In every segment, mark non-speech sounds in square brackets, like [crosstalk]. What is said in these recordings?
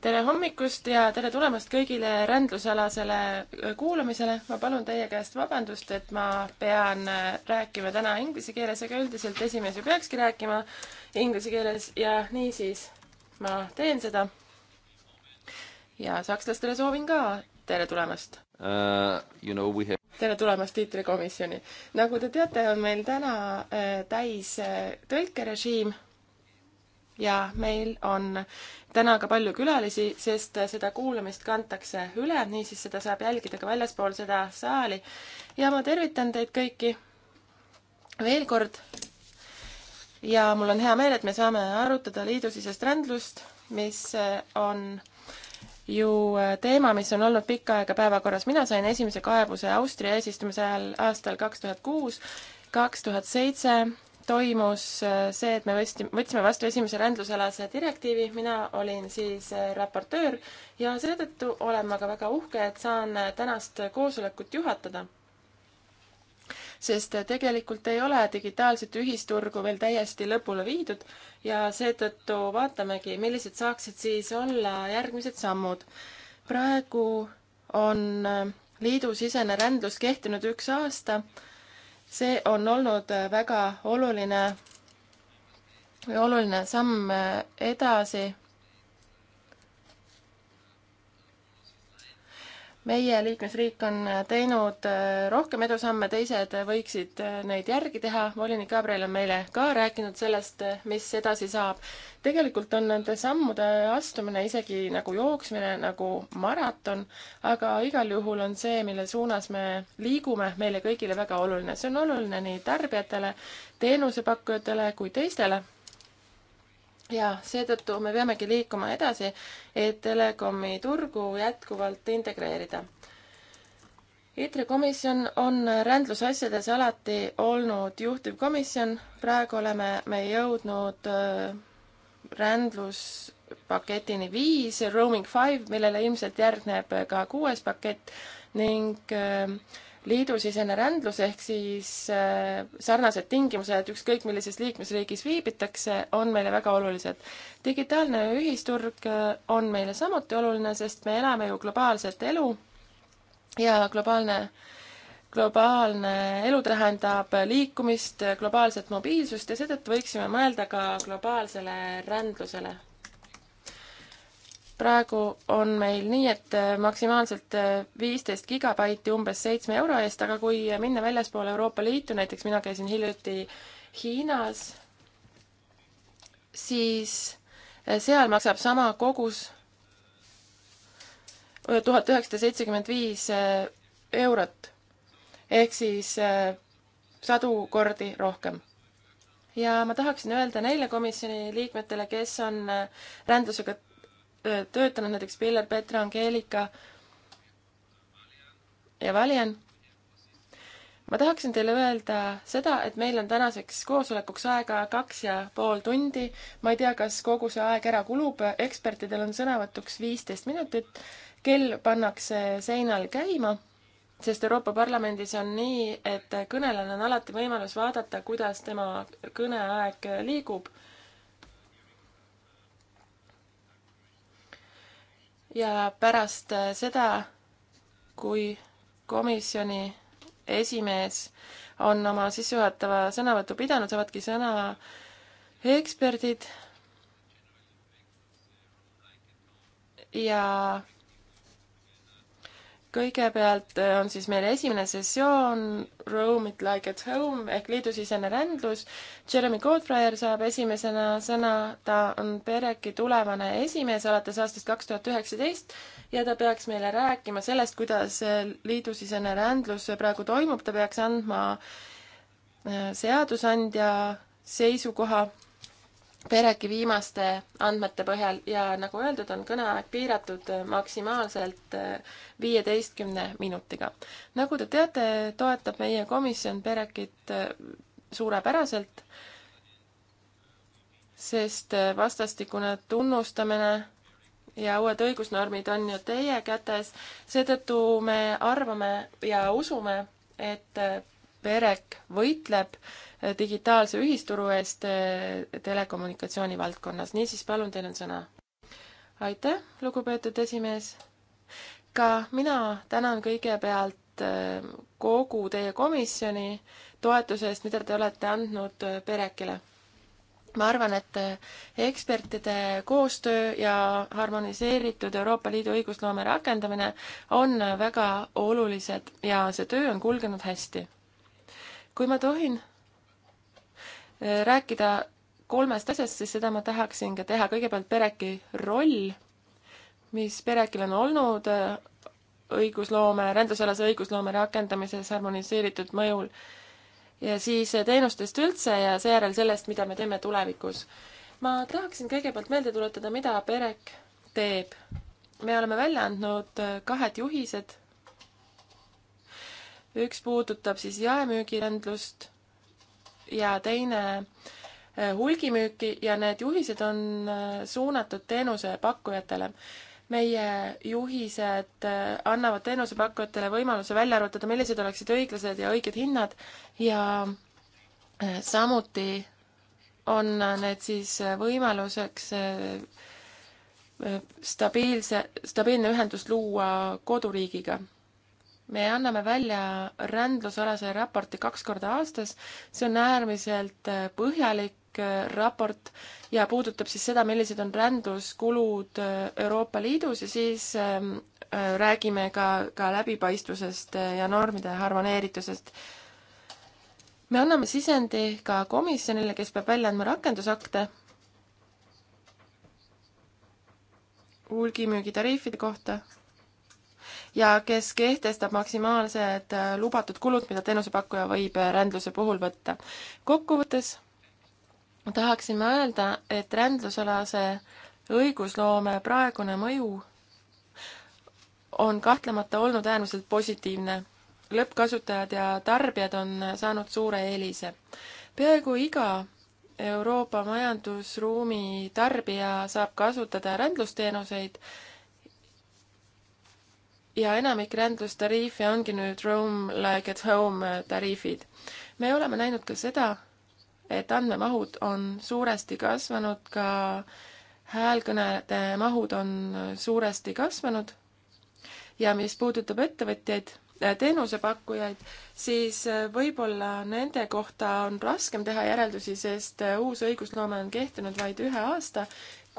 tere hommikust ja tere tulemast kõigile rändlusalasele kuulamisele. ma palun teie käest vabandust, et ma pean rääkima täna inglise keeles, aga üldiselt esimees ju peakski rääkima inglise keeles ja niisiis ma teen seda. ja sakslastele soovin ka tere tulemast uh,. You know, have... tere tulemast tiitrikomisjoni. nagu te teate, on meil täna äh, täis äh, tõlkerežiim ja meil on täna ka palju külalisi, sest seda kuulamist kantakse üle, niisiis seda saab jälgida ka väljaspool seda saali. ja ma tervitan teid kõiki veel kord. ja mul on hea meel, et me saame arutada liidusisest rändlust, mis on ju teema, mis on olnud pikka aega päevakorras. mina sain esimese kaebuse Austria eesistumise ajal aastal kaks tuhat kuus, kaks tuhat seitse toimus äh, see, et me võtsime, võtsime vastu esimese rändlusalase direktiivi, mina olin siis äh, raportöör ja seetõttu olen ma ka väga uhke, et saan äh, tänast koosolekut juhatada. sest tegelikult ei ole digitaalset ühisturgu veel täiesti lõpule viidud ja seetõttu vaatamegi, millised saaksid siis olla järgmised sammud. praegu on liidusisene rändlus kehtinud üks aasta see on olnud äh, väga oluline, oluline samm äh, edasi meie liikmesriik on teinud äh, rohkem edusamme, teised võiksid äh, neid järgi teha. volinik Gabriel on meile ka rääkinud sellest, äh, mis edasi saab. tegelikult on nende sammude astumine isegi nagu jooksmine, nagu maraton, aga igal juhul on see, mille suunas me liigume, meile kõigile väga oluline. see on oluline nii tarbijatele, teenusepakkujatele kui teistele ja seetõttu me peamegi liikuma edasi, et telekomi turgu jätkuvalt integreerida. ITRE komisjon on rändlusasjades alati olnud juhtivkomisjon, praegu oleme me jõudnud äh, rändluspaketini viis, roaming five, millele ilmselt järgneb ka kuues pakett ning äh, liidusisene rändlus ehk siis äh, sarnased tingimused, ükskõik millises liikmesriigis viibitakse, on meile väga olulised. digitaalne ühisturg äh, on meile samuti oluline, sest me elame ju globaalset elu ja globaalne globaalne elu tähendab liikumist, globaalset mobiilsust ja seetõttu võiksime mõelda ka globaalsele rändlusele praegu on meil nii, et äh, maksimaalselt äh, viisteist gigabaiti umbes seitsme euro eest, aga kui minna väljaspoole Euroopa Liitu, näiteks mina käisin hiljuti Hiinas, siis äh, seal maksab sama kogus tuhat üheksasada seitsekümmend viis eurot ehk siis sadu kordi rohkem ja ma tahaksin öelda neile komisjoni liikmetele, kes on rändlusega töötanud näiteks Piller, Petra, Angeelika ja Valjan. ma tahaksin teile öelda seda, et meil on tänaseks koosolekuks aega kaks ja pool tundi. ma ei tea, kas kogu see aeg ära kulub, ekspertidel on sõnavõtuks viisteist minutit. kell pannakse seinal käima sest Euroopa Parlamendis on nii, et kõnelejal on alati võimalus vaadata, kuidas tema kõneaeg liigub ja pärast äh, seda, kui komisjoni esimees on oma sissejuhatava sõnavõtu pidanud, saavadki sõna eksperdid ja kõigepealt äh, on siis meil esimene sessioon Roam it like at home ehk liidusisene rändlus. Jeremy Goldfreier saab esimesena sõna, ta on Pereki tulevane esimees alates aastast kaks tuhat üheksateist ja ta peaks meile rääkima sellest, kuidas liidusisene rändlus praegu toimub, ta peaks andma äh, seadusandja seisukoha Pereki viimaste andmete põhjal ja nagu öeldud, on kõneaeg piiratud maksimaalselt äh, viieteistkümne minutiga. nagu te teate, toetab meie komisjon Perekit äh, suurepäraselt, sest äh, vastastikune tunnustamine ja uued õigusnormid on ju teie kätes, seetõttu me arvame ja usume, et Berek võitleb eh, digitaalse ühisturu eest eh, telekommunikatsiooni valdkonnas. niisiis, palun, teil on sõna. aitäh, lugupeetud esimees. ka mina tänan kõigepealt eh, kogu teie komisjoni toetuse eest, mida te olete andnud Berekile ma arvan, et ekspertide koostöö ja harmoniseeritud Euroopa Liidu õigusloome rakendamine on väga olulised ja see töö on kulgenud hästi kui ma tohin äh, rääkida kolmest asjast, siis seda ma tahaksin ka teha. kõigepealt pereki roll, mis perekil on olnud äh, õigusloome, rändusalase õigusloome rakendamises harmoniseeritud mõjul ja siis äh, teenustest üldse ja seejärel sellest, mida me teeme tulevikus. ma tahaksin kõigepealt meelde tuletada, mida PEREK teeb. me oleme välja andnud kahed juhised üks puudutab siis jaemüügirändlust ja teine eh, hulgimüüki ja need juhised on eh, suunatud teenusepakkujatele. meie juhised eh, annavad teenusepakkujatele võimaluse välja arvutada, millised oleksid õiglased ja õiged hinnad ja samuti on need siis võimaluseks stabiilse, stabiilne ühendus luua koduriigiga me anname välja rändlusalase raporti kaks korda aastas, see on äärmiselt äh, põhjalik äh, raport ja puudutab siis seda, millised on rändluskulud äh, Euroopa Liidus ja siis ähm, räägime ka, ka läbipaistvusest ja normide harmoneeritusest. me anname sisendi ka komisjonile, kes peab välja andma rakendusakte hulgimüügi tariifide kohta ja kes kehtestab maksimaalsed äh, lubatud kulud, mida teenusepakkuja võib äh, rändluse puhul võtta. kokkuvõttes tahaksime öelda, et rändlusalase õigusloome praegune mõju on kahtlemata olnud äärmiselt positiivne. lõppkasutajad ja tarbijad on saanud suure eelise. peaaegu iga Euroopa majandusruumi tarbija saab kasutada rändlusteenuseid ja enamik rändlustariife ongi nüüd roam like at home tariifid. me oleme näinud ka seda, et andmemahud on suuresti kasvanud, ka häälkõnede mahud on suuresti kasvanud. ja mis puudutab ettevõtjaid, teenusepakkujaid, siis võib-olla nende kohta on raskem teha järeldusi, sest uus õigusloome on kehtinud vaid ühe aasta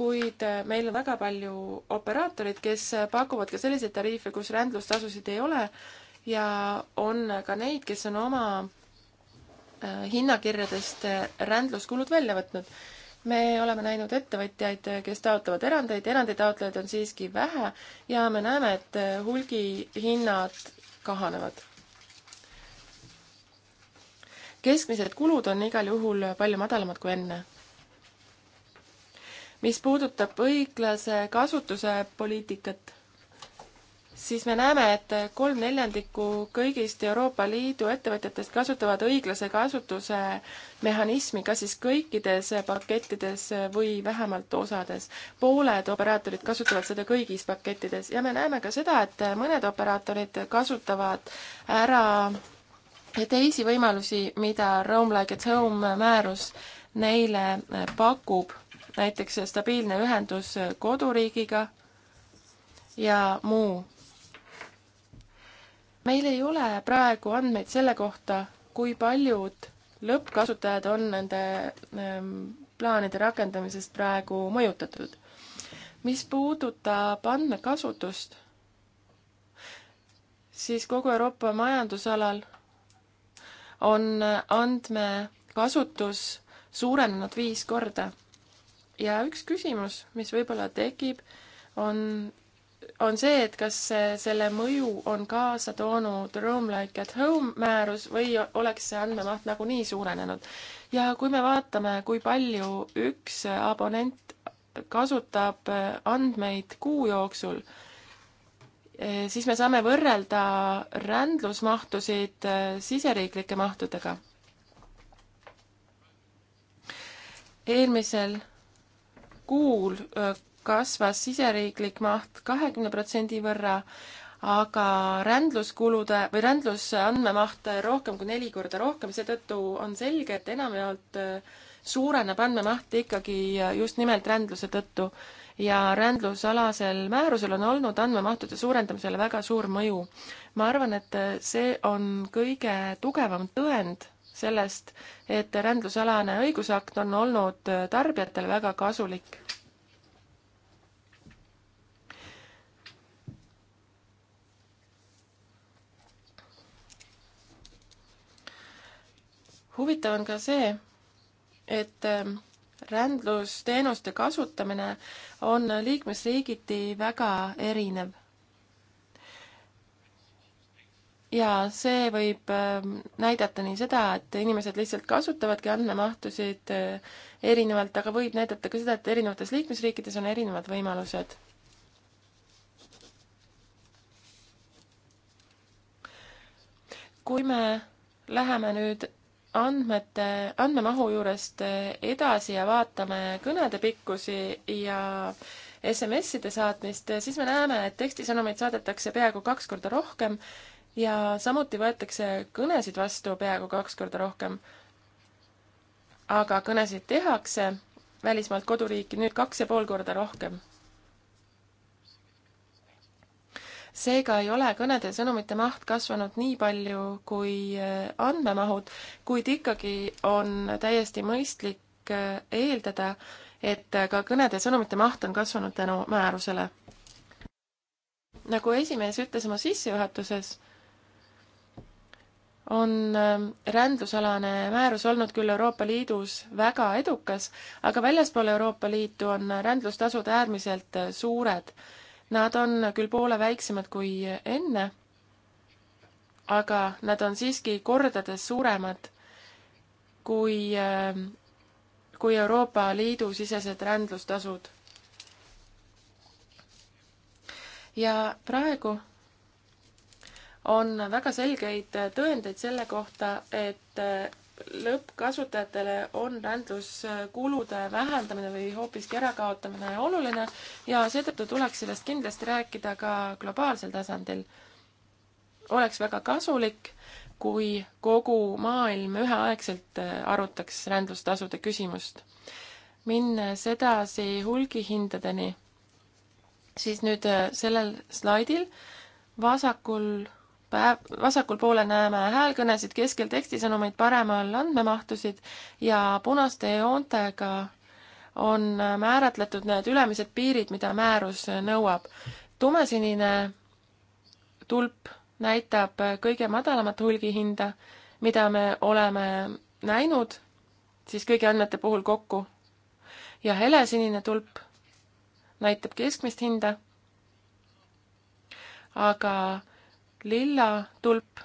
kuid äh, meil on väga palju operaatoreid, kes äh, pakuvad ka selliseid tariife, kus rändlustasusid ei ole ja on ka neid, kes on oma äh, hinnakirjadest rändluskulud välja võtnud. me oleme näinud ettevõtjaid, kes taotlevad erandeid, eranditaotlejaid on siiski vähe ja me näeme, et hulgihinnad kahanevad. keskmised kulud on igal juhul palju madalamad kui enne mis puudutab õiglase kasutuse poliitikat, siis me näeme, et kolm neljandikku kõigist Euroopa Liidu ettevõtjatest kasutavad õiglase kasutuse mehhanismi kas siis kõikides pakettides või vähemalt osades. pooled operaatorid kasutavad seda kõigis pakettides ja me näeme ka seda, et mõned operaatorid kasutavad ära teisi võimalusi, mida Roam Like at Home määrus neile pakub näiteks stabiilne ühendus koduriigiga ja muu. meil ei ole praegu andmeid selle kohta, kui paljud lõppkasutajad on nende ähm, plaanide rakendamisest praegu mõjutatud. mis puudutab andmekasutust, siis kogu Euroopa majandusalal on andmekasutus suurenenud viis korda ja üks küsimus, mis võib-olla tekib, on, on see, et kas selle mõju on kaasa toonud Roam Like at Home määrus või oleks see andmemaht nagunii suurenenud. ja kui me vaatame, kui palju üks abonent kasutab eh, andmeid kuu jooksul, eh, siis me saame võrrelda rändlusmahtusid eh, siseriiklike mahtudega. eelmisel kuul kasvas siseriiklik maht kahekümne protsendi võrra, aga rändluskulude või rändluse andmemaht rohkem kui neli korda rohkem, seetõttu on selge, et enamjaolt suureneb andmemaht ikkagi just nimelt rändluse tõttu. ja rändlusalasel määrusel on olnud andmemahtude suurendamisele väga suur mõju. ma arvan, et see on kõige tugevam tõend sellest, et rändlusalane õigusakt on olnud tarbijatele väga kasulik. huvitav on ka see, et ähm, rändlusteenuste kasutamine on liikmesriigiti väga erinev. ja see võib ähm, näidata nii seda, et inimesed lihtsalt kasutavadki andmemahtusid äh, erinevalt, aga võib näidata ka seda, et erinevates liikmesriikides on erinevad võimalused. kui me läheme nüüd andmete, andmemahu juurest äh, edasi ja vaatame kõnede pikkusi ja SMS-ide saatmist, äh, siis me näeme, et tekstisõnumeid saadetakse peaaegu kaks korda rohkem ja samuti võetakse kõnesid vastu peaaegu kaks korda rohkem. aga kõnesid tehakse välismaalt koduriiki nüüd kaks ja pool korda rohkem seega ei ole kõnede ja sõnumite maht kasvanud nii palju kui äh, andmemahud, kuid ikkagi on täiesti mõistlik äh, eeldada, et ka kõnede ja sõnumite maht on kasvanud tänu määrusele. nagu esimees ütles oma sissejuhatuses, on ähm, rändusalane määrus olnud küll Euroopa Liidus väga edukas, aga väljaspool Euroopa Liitu on rändlustasud äärmiselt äh, suured. Nad on küll poole väiksemad kui enne, aga nad on siiski kordades suuremad kui, ähm, kui Euroopa Liidu sisesed rändlustasud. ja praegu on väga selgeid tõendeid selle kohta, et lõppkasutajatele on rändluskulude vähendamine või hoopiski ärakaotamine oluline ja seetõttu tuleks sellest kindlasti rääkida ka globaalsel tasandil. oleks väga kasulik, kui kogu maailm üheaegselt arutaks rändlustasude küsimust. minnes edasi hulgihindadeni, siis nüüd sellel slaidil vasakul päev, vasakul poole näeme häälkõnesid, keskel tekstisõnumeid, paremal andmemahtusid ja punaste joontega on määratletud need ülemised piirid, mida määrus nõuab. tumesinine tulp näitab kõige madalamat hulgihinda, mida me oleme näinud siis kõigi andmete puhul kokku. ja helesinine tulp näitab keskmist hinda, aga lilla tulp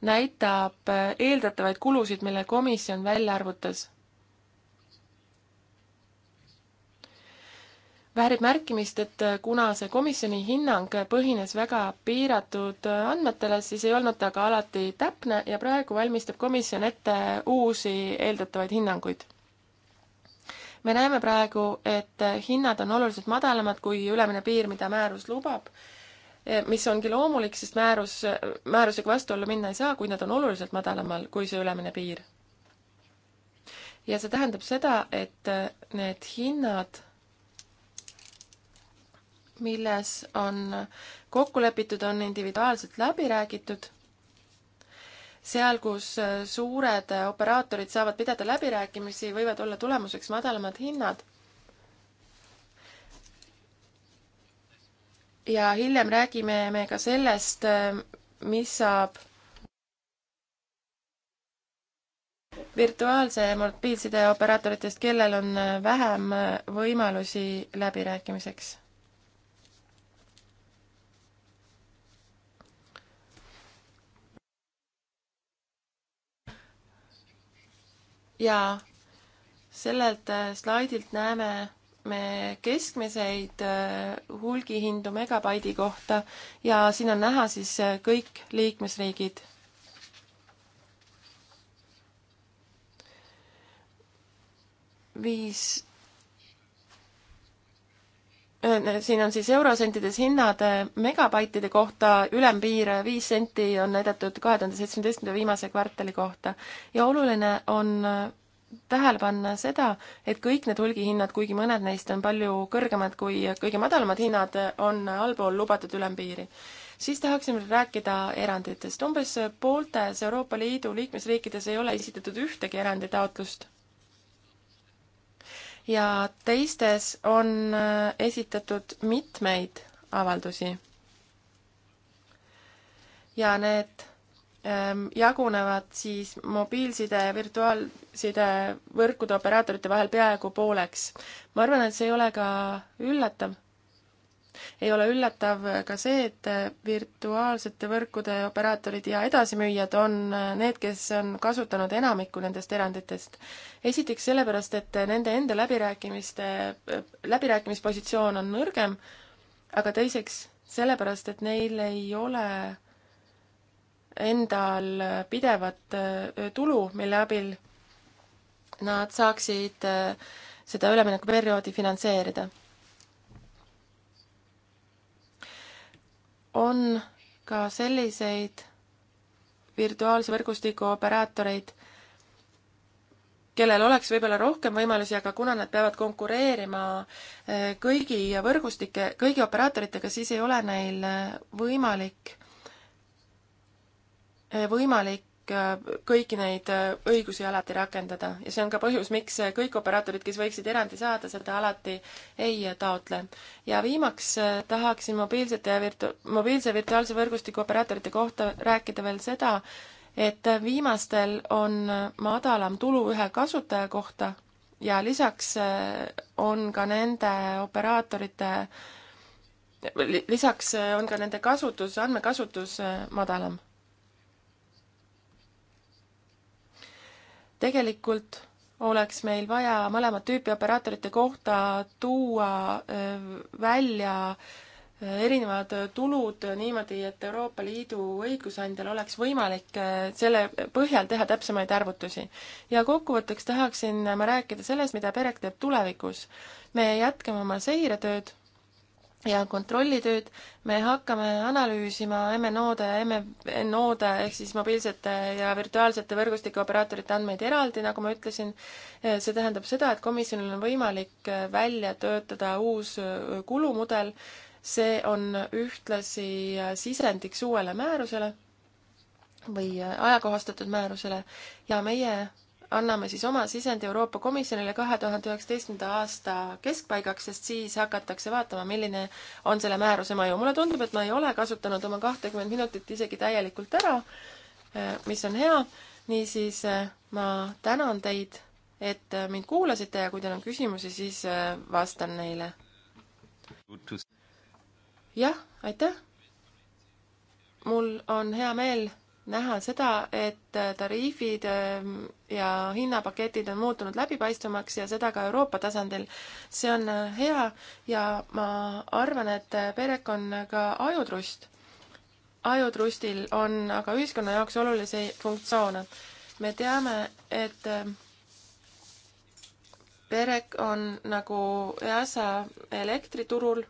näitab äh, eeldatavaid kulusid, mille komisjon välja arvutas. väärib märkimist, et äh, kuna see komisjoni hinnang põhines väga piiratud äh, andmetele, siis ei olnud ta ka alati täpne ja praegu valmistab komisjon ette uusi eeldatavaid hinnanguid. me näeme praegu, et hinnad on oluliselt madalamad kui ülemine piir, mida määrus lubab Eh, mis ongi loomulik, sest määrus, määrusega vastuollu minna ei saa, kuid nad on oluliselt madalamal kui see ülemine piir. ja see tähendab seda, et eh, need hinnad, milles on kokku lepitud, on individuaalselt läbi räägitud seal, kus eh, suured operaatorid saavad pidada läbirääkimisi, võivad olla tulemuseks madalamad hinnad ja hiljem räägime me ka sellest, mis saab virtuaalse mobiilside operaatoritest, kellel on vähem võimalusi läbirääkimiseks. ja sellelt slaidilt näeme me keskmiseid äh, hulgihindu megabaidi kohta ja siin on näha siis äh, kõik liikmesriigid. viis, äh, siin on siis eurosentides hinnad megabaitide kohta, ülempiir viis senti on näidatud kahe tuhande seitsmeteistkümnenda viimase kvartali kohta ja oluline on tähele panna seda, et kõik need hulgihinnad, kuigi mõned neist on palju kõrgemad kui kõige madalamad hinnad, on allpool lubatud ülempiiri. siis tahaksime rääkida eranditest. umbes pooltes Euroopa Liidu liikmesriikides ei ole esitatud ühtegi eranditaotlust. ja teistes on esitatud mitmeid avaldusi. ja need Ähm, jagunevad siis mobiilside ja virtuaalside võrkude operaatorite vahel peaaegu pooleks. ma arvan, et see ei ole ka üllatav. ei ole üllatav ka see, et virtuaalsete võrkude operaatorid ja edasimüüjad on need, kes on kasutanud enamikku nendest eranditest. esiteks sellepärast, et nende enda läbirääkimiste, läbirääkimispositsioon on nõrgem, aga teiseks sellepärast, et neil ei ole endal pidevat äh, tulu, mille abil nad saaksid äh, seda üleminekuperioodi finantseerida. on ka selliseid virtuaalse võrgustiku operaatoreid, kellel oleks võib-olla rohkem võimalusi, aga kuna nad peavad konkureerima äh, kõigi võrgustike, kõigi operaatoritega, siis ei ole neil võimalik Eh, võimalik eh, kõiki neid eh, õigusi alati rakendada ja see on ka põhjus, miks kõik operaatorid, kes võiksid erandi saada, seda alati ei taotle. ja viimaks tahaksin mobiilsete ja virtu-, mobiilse virtuaalse võrgustiku operaatorite kohta rääkida veel seda, et viimastel on madalam tulu ühe kasutaja kohta ja lisaks on ka nende operaatorite lisaks on ka nende kasutus, andmekasutus madalam tegelikult oleks meil vaja mõlemat tüüpi operaatorite kohta tuua välja erinevad tulud niimoodi, et Euroopa Liidu õigusandjal oleks võimalik selle põhjal teha täpsemaid arvutusi. ja kokkuvõtteks tahaksin ma rääkida sellest, mida PEREK teeb tulevikus. me jätkame oma seiretööd ja kontrollitööd, me hakkame analüüsima MNO-de, MNO-de ehk siis mobiilsete ja virtuaalsete võrgustike operaatorite andmeid eraldi, nagu ma ütlesin. see tähendab seda, et komisjonil on võimalik välja töötada uus kulumudel. see on ühtlasi sisendiks uuele määrusele või ajakohastatud määrusele ja meie anname siis oma sisendi Euroopa Komisjonile kahe tuhande üheksateistkümnenda aasta keskpaigaks, sest siis hakatakse vaatama, milline on selle määruse mõju. mulle tundub, et ma ei ole kasutanud oma kahtekümmet minutit isegi täielikult ära, eh, mis on hea, niisiis eh, ma tänan teid, et eh, mind kuulasite ja kui teil on küsimusi, siis vastan neile. jah, aitäh! mul on hea meel näha seda, et tariifid ähm, ja hinnapaketid on muutunud läbipaistvamaks ja seda ka Euroopa tasandil. see on äh, hea ja ma arvan, et äh, Perek on ka ajutrust. ajutrustil on aga ühiskonna jaoks olulisi funktsioone. me teame, et ähm, Perek on nagu EASA elektriturul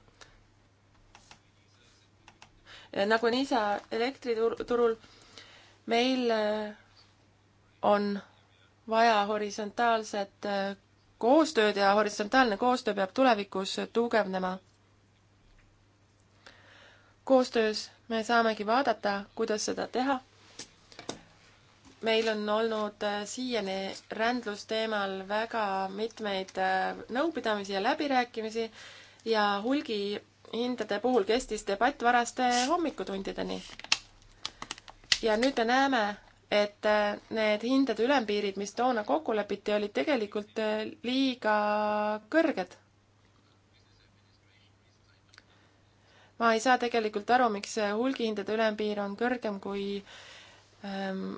äh, nagu on isa elektriturul meil äh, on vaja horisontaalset äh, koostööd ja horisontaalne koostöö peab tulevikus tugevnema. koostöös me saamegi vaadata, kuidas seda teha. meil on olnud äh, siiani rändlusteemal väga mitmeid nõupidamisi ja läbirääkimisi ja hulgihindade puhul kestis debatt varaste hommikutundideni ja nüüd me näeme, et äh, need hindade ülempiirid, mis toona kokku lepiti, olid tegelikult äh, liiga kõrged. ma ei saa tegelikult aru, miks äh, hulgihindade ülempiir on kõrgem kui ähm,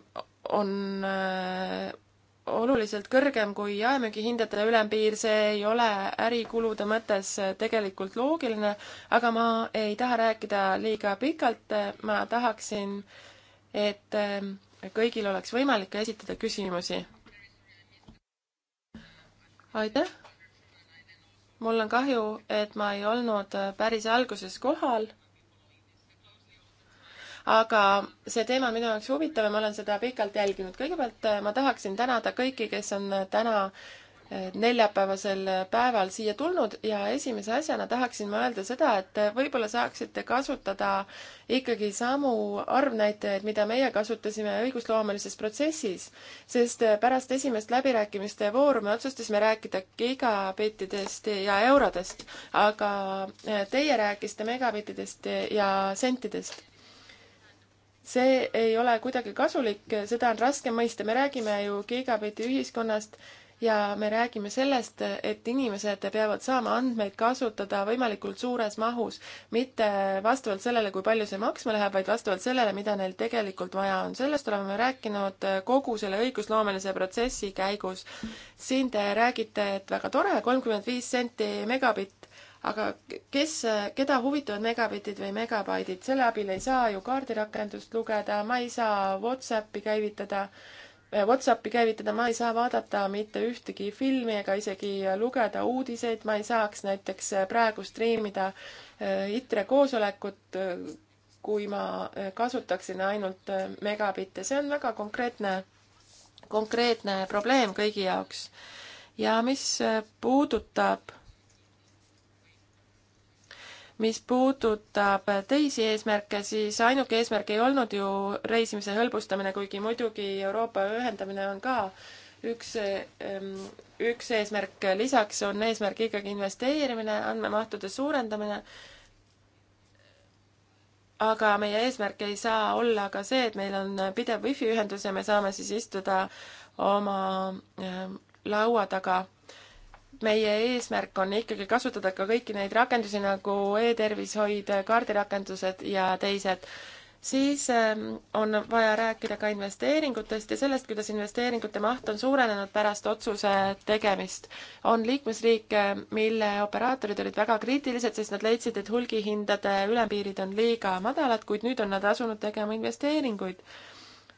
on äh, oluliselt kõrgem kui jaemüügihindade ülempiir, see ei ole ärikulude mõttes tegelikult loogiline, aga ma ei taha rääkida liiga pikalt, ma tahaksin äh, et ähm, kõigil oleks võimalik esitada küsimusi. aitäh! mul on kahju, et ma ei olnud äh, päris alguses kohal, aga see teema on minu jaoks huvitav ja ma olen seda pikalt jälginud. kõigepealt äh, ma tahaksin tänada kõiki, kes on äh, täna neljapäevasel päeval siia tulnud ja esimese asjana tahaksin ma öelda seda, et võib-olla saaksite kasutada ikkagi samu arvnäitajaid, mida meie kasutasime õigusloomelises protsessis, sest pärast esimest läbirääkimiste vooru me otsustasime rääkida gigabittidest ja eurodest, aga teie rääkisite megabittidest ja sentidest see ei ole kuidagi kasulik, seda on raske mõista, me räägime ju gigabitti ühiskonnast ja me räägime sellest, et inimesed peavad saama andmeid kasutada võimalikult suures mahus, mitte vastavalt sellele, kui palju see maksma läheb, vaid vastavalt sellele, mida neil tegelikult vaja on. sellest oleme rääkinud kogu selle õigusloomelise protsessi käigus. siin te räägite, et väga tore, kolmkümmend viis senti megabitt, aga kes, keda huvitavad megabitid või megabaidid, selle abil ei saa ju kaardirakendust lugeda, ma ei saa Whatsappi käivitada Eh, Whatsappi käivitada, ma ei saa vaadata mitte ühtegi filmi ega isegi lugeda uudiseid, ma ei saaks näiteks eh, praegu striimida eh, ITRE koosolekut, kui ma kasutaksin ainult megabitte, see on väga konkreetne, konkreetne probleem kõigi jaoks. ja mis puudutab mis puudutab teisi eesmärke, siis ainuke eesmärk ei olnud ju reisimise hõlbustamine, kuigi muidugi Euroopa ühendamine on ka üks, ehm, üks eesmärk. lisaks on eesmärk ikkagi investeerimine, andmemahtude suurendamine. aga meie eesmärk ei saa olla ka see, et meil on pidev wifi ühendus ja me saame siis istuda oma ehm, laua taga meie eesmärk on ikkagi kasutada ka kõiki neid rakendusi nagu e-tervishoid, kaardirakendused ja teised. siis ähm, on vaja rääkida ka investeeringutest ja sellest, kuidas investeeringute maht on suurenenud pärast otsuse tegemist. on liikmesriike, mille operaatorid olid väga kriitilised, sest nad leidsid, et hulgihindade ülempiirid on liiga madalad, kuid nüüd on nad asunud tegema investeeringuid,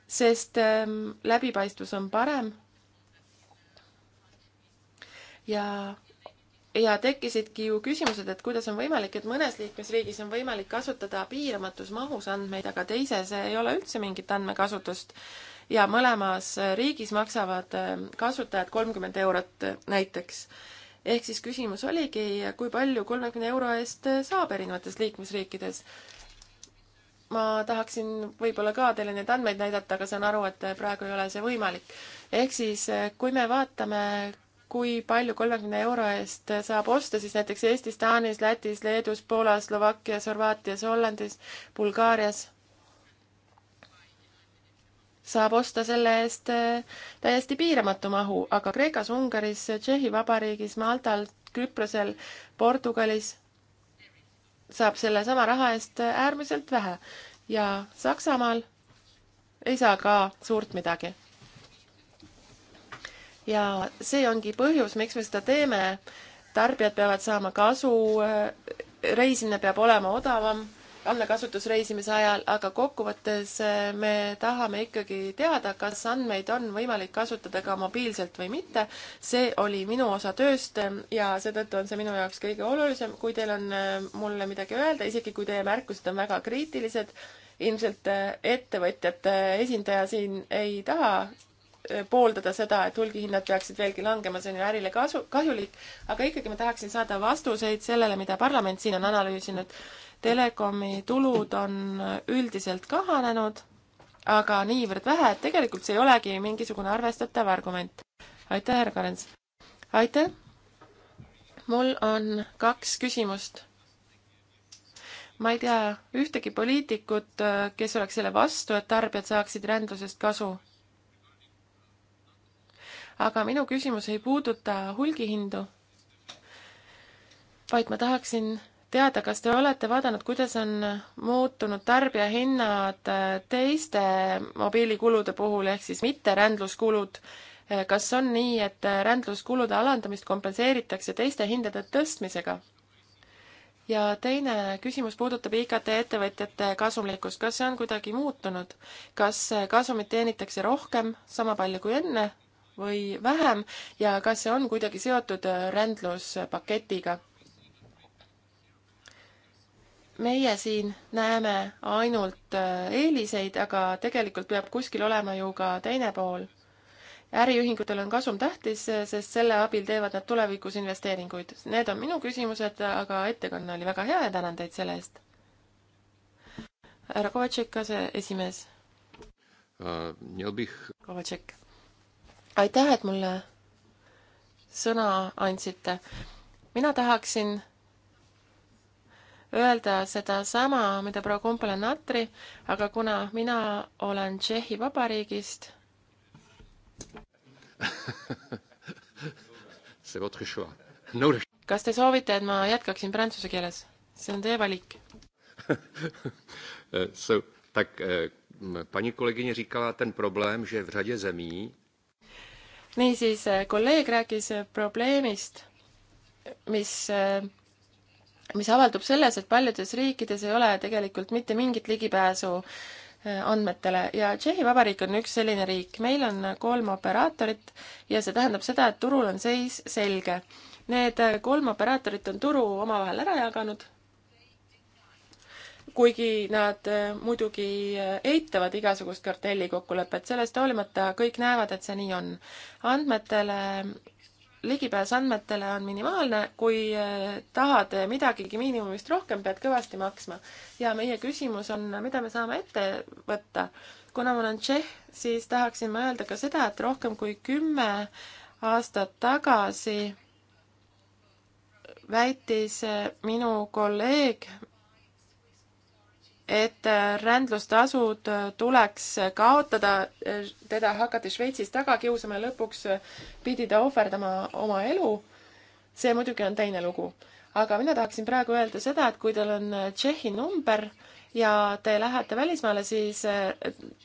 sest ähm, läbipaistvus on parem ja ja tekkisidki ju küsimused, et kuidas on võimalik, et mõnes liikmesriigis on võimalik kasutada piiramatus mahus andmeid, aga teises ei ole üldse mingit andmekasutust. ja mõlemas riigis maksavad äh, kasutajad kolmkümmend eurot äh, näiteks. ehk siis küsimus oligi, kui palju kolmekümne euro eest äh, saab erinevates liikmesriikides. ma tahaksin võib-olla ka teile neid andmeid näidata, aga saan aru, et praegu ei ole see võimalik. ehk siis, kui me vaatame kui palju kolmekümne euro eest saab osta siis näiteks Eestis, Taanis, Lätis, Leedus, Poolas, Slovakkias, Horvaatias, Hollandis, Bulgaarias. saab osta selle eest eh, täiesti piiramatu mahu, aga Kreekas, Ungaris, Tšehhi Vabariigis, Maltal, Küprosel, Portugalis saab sellesama raha eest äärmiselt vähe ja Saksamaal ei saa ka suurt midagi ja see ongi põhjus, miks me seda teeme. tarbijad peavad saama kasu, reisimine peab olema odavam andmekasutus reisimise ajal, aga kokkuvõttes eh, me tahame ikkagi teada, kas andmeid on võimalik kasutada ka mobiilselt või mitte. see oli minu osa tööst eh, ja seetõttu on see minu jaoks kõige olulisem. kui teil on eh, mulle midagi öelda, isegi kui teie märkused on väga kriitilised, ilmselt ettevõtjate esindaja siin ei taha Eh, pooldada seda, et hulgihinnad peaksid veelgi langema, see on ju ärile kasu, kahjulik, aga ikkagi ma tahaksin saada vastuseid sellele, mida parlament siin on analüüsinud. Telekomi tulud on üldiselt kahanenud, aga niivõrd vähe, et tegelikult see ei olegi mingisugune arvestatav argument. aitäh, härra Karens! aitäh! mul on kaks küsimust ma ei tea ühtegi poliitikut, eh, kes oleks selle vastu, et tarbijad saaksid rändlusest kasu aga minu küsimus ei puuduta hulgihindu, vaid ma tahaksin teada, kas te olete vaadanud, kuidas on muutunud tarbijahinnad teiste mobiilikulude puhul, ehk siis mitte rändluskulud. kas on nii, et rändluskulude alandamist kompenseeritakse teiste hindade tõstmisega? ja teine küsimus puudutab IKT ettevõtjate kasumlikkust. kas see on kuidagi muutunud? kas kasumit teenitakse rohkem, sama palju kui enne või vähem ja kas see on kuidagi seotud äh, rändluspaketiga? meie siin näeme ainult äh, eeliseid, aga tegelikult peab kuskil olema ju ka teine pool. äriühingutel on kasum tähtis, äh, sest selle abil teevad nad tulevikus investeeringuid. Need on minu küsimused, aga ettekanne oli väga hea ja tänan teid selle eest. härra Kovatšek, aseesimees uh,. Měl bych... Kovatšek aitäh, et mulle sõna andsite. mina tahaksin öelda sedasama, mida proua Kumpel-Natri, aga kuna mina olen Tšehhi Vabariigist [laughs] kas te soovite, et ma jätkaksin prantsuse keeles? see on teie valik [laughs] eh, So, tak eh, paní kolegyně říkala ten problém, že v řadě zemí niisiis, äh, kolleeg rääkis äh, probleemist, mis, äh, mis avaldub selles, et paljudes riikides ei ole tegelikult mitte mingit ligipääsu andmetele ja Tšehhi Vabariik on üks selline riik. meil on kolm operaatorit ja see tähendab seda, et turul on seis selge. Need kolm operaatorit on turu omavahel ära jaganud kuigi nad äh, muidugi äh, eitavad igasugust kartellikokkulepet, sellest hoolimata kõik näevad, et see nii on. andmetele, ligipääs andmetele on minimaalne, kui äh, tahad midagigi miinimumist rohkem, pead kõvasti maksma. ja meie küsimus on, mida me saame ette võtta? kuna ma olen tšehh, siis tahaksin ma öelda ka seda, et rohkem kui kümme aastat tagasi väitis minu kolleeg et äh, rändlustasud äh, tuleks kaotada, teda hakati Šveitsis taga kiusama ja lõpuks äh, pidi ta ohverdama oma elu. see muidugi on teine lugu. aga mina tahaksin praegu öelda seda, et kui teil on Tšehhi number ja te lähete välismaale, siis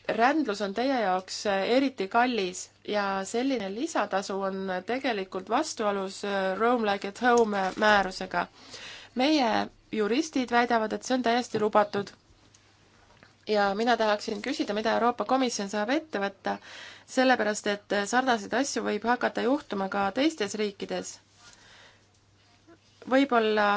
rändlus on teie jaoks eriti kallis ja selline lisatasu on tegelikult vastuolus Roam like at home määrusega. meie juristid väidavad, et see on täiesti lubatud ja mina tahaksin küsida, mida Euroopa Komisjon saab ette võtta, sellepärast et sarnaseid asju võib hakata juhtuma ka teistes riikides. võib-olla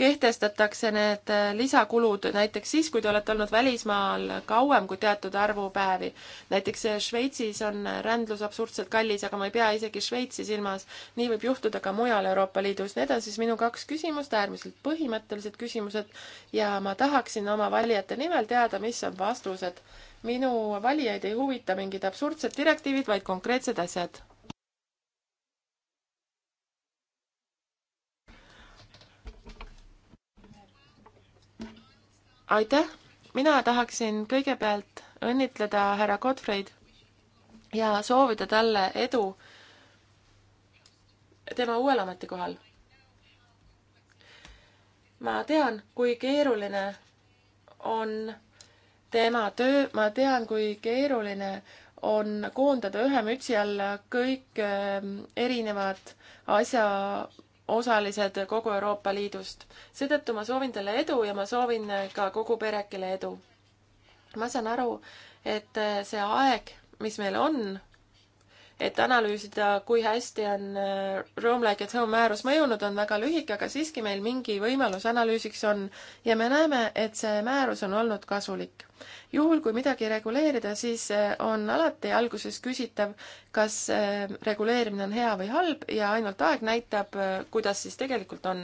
kehtestatakse need äh, lisakulud näiteks siis, kui te olete olnud välismaal kauem kui teatud arvu päevi. näiteks äh, Šveitsis on rändlus absurdselt kallis, aga ma ei pea isegi Šveitsi silmas. nii võib juhtuda ka mujal Euroopa Liidus. Need on siis minu kaks küsimust, äärmiselt põhimõttelised küsimused ja ma tahaksin oma valijate nimel teada, mis on vastused. minu valijaid ei huvita mingid absurdsed direktiivid, vaid konkreetsed asjad aitäh, mina tahaksin kõigepealt õnnitleda härra Gottfried ja soovida talle edu tema uuel ametikohal. ma tean, kui keeruline on tema töö, ma tean, kui keeruline on koondada ühe mütsi alla kõik ehm, erinevad asja osalised kogu Euroopa Liidust. seetõttu ma soovin teile edu ja ma soovin ka kogu perekile edu. ma saan aru, et see aeg, mis meil on, et analüüsida, kui hästi on äh, Roam Like at Home määrus mõjunud, on väga lühike, aga siiski meil mingi võimalus analüüsiks on. ja me näeme, et see määrus on olnud kasulik. juhul, kui midagi reguleerida, siis äh, on alati alguses küsitav, kas äh, reguleerimine on hea või halb ja ainult aeg näitab, kuidas siis tegelikult on.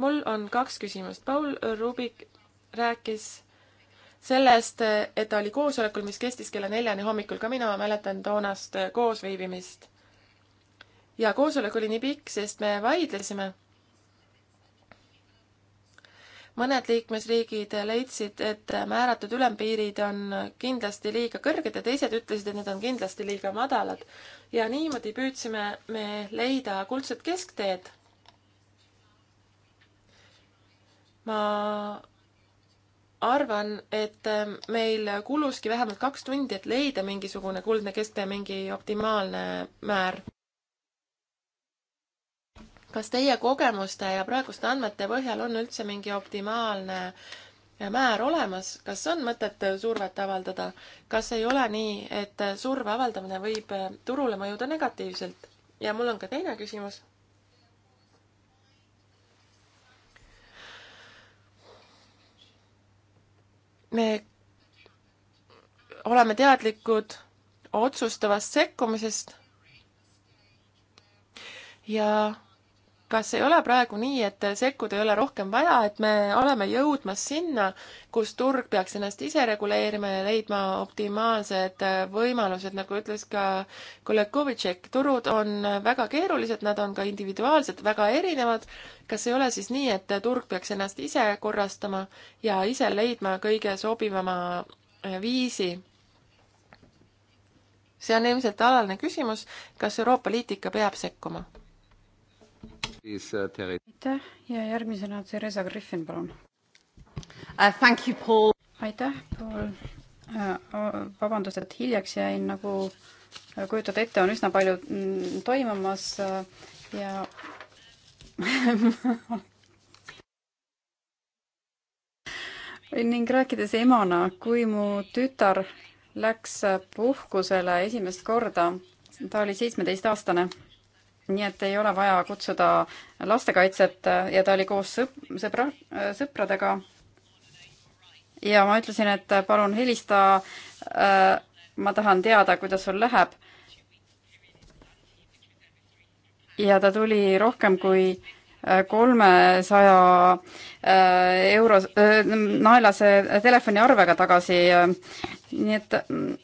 mul on kaks küsimust. Paul Rubik rääkis sellest, et ta oli koosolekul, mis kestis kella neljani hommikul, ka mina mäletan toonast koosviibimist. ja koosolek oli nii pikk, sest me vaidlesime. mõned liikmesriigid leidsid, et määratud ülempiirid on kindlasti liiga kõrged ja teised ütlesid, et need on kindlasti liiga madalad. ja niimoodi püüdsime me leida kuldset keskteed. ma arvan, et ähm, meil kuluski vähemalt kaks tundi, et leida mingisugune kuldne kesktee, mingi optimaalne määr. kas teie kogemuste ja praeguste andmete põhjal on üldse mingi optimaalne määr olemas, kas on mõtet survet avaldada? kas ei ole nii, et surve avaldamine võib turule mõjuda negatiivselt? ja mul on ka teine küsimus me oleme teadlikud otsustavast sekkumisest ja kas ei ole praegu nii, et sekkuda ei ole rohkem vaja, et me oleme jõudmas sinna, kus turg peaks ennast ise reguleerima ja leidma optimaalsed võimalused, nagu ütles ka kolleeg Kovitšek, turud on väga keerulised, nad on ka individuaalselt väga erinevad. kas ei ole siis nii, et turg peaks ennast ise korrastama ja ise leidma kõige sobivama äh, viisi? see on ilmselt alaline küsimus, kas Euroopa Liit ikka peab sekkuma? Äh, aitäh ja järgmisena Theresa Griffin, palun uh,. Thank you, Paul. aitäh, Paul uh,. vabandust, et hiljaks jäin, nagu äh, kujutad ette, on üsna palju mm, toimumas uh, ja [laughs] ning rääkides emana, kui mu tütar läks puhkusele esimest korda, ta oli seitsmeteistaastane nii et ei ole vaja kutsuda lastekaitset ja ta oli koos sõp-, sõbra, sõpradega. ja ma ütlesin, et palun helista äh,, ma tahan teada, kuidas sul läheb. ja ta tuli rohkem kui äh, kolmesaja äh, euro äh,, naelase telefoniarvega tagasi. Äh, nii et mm,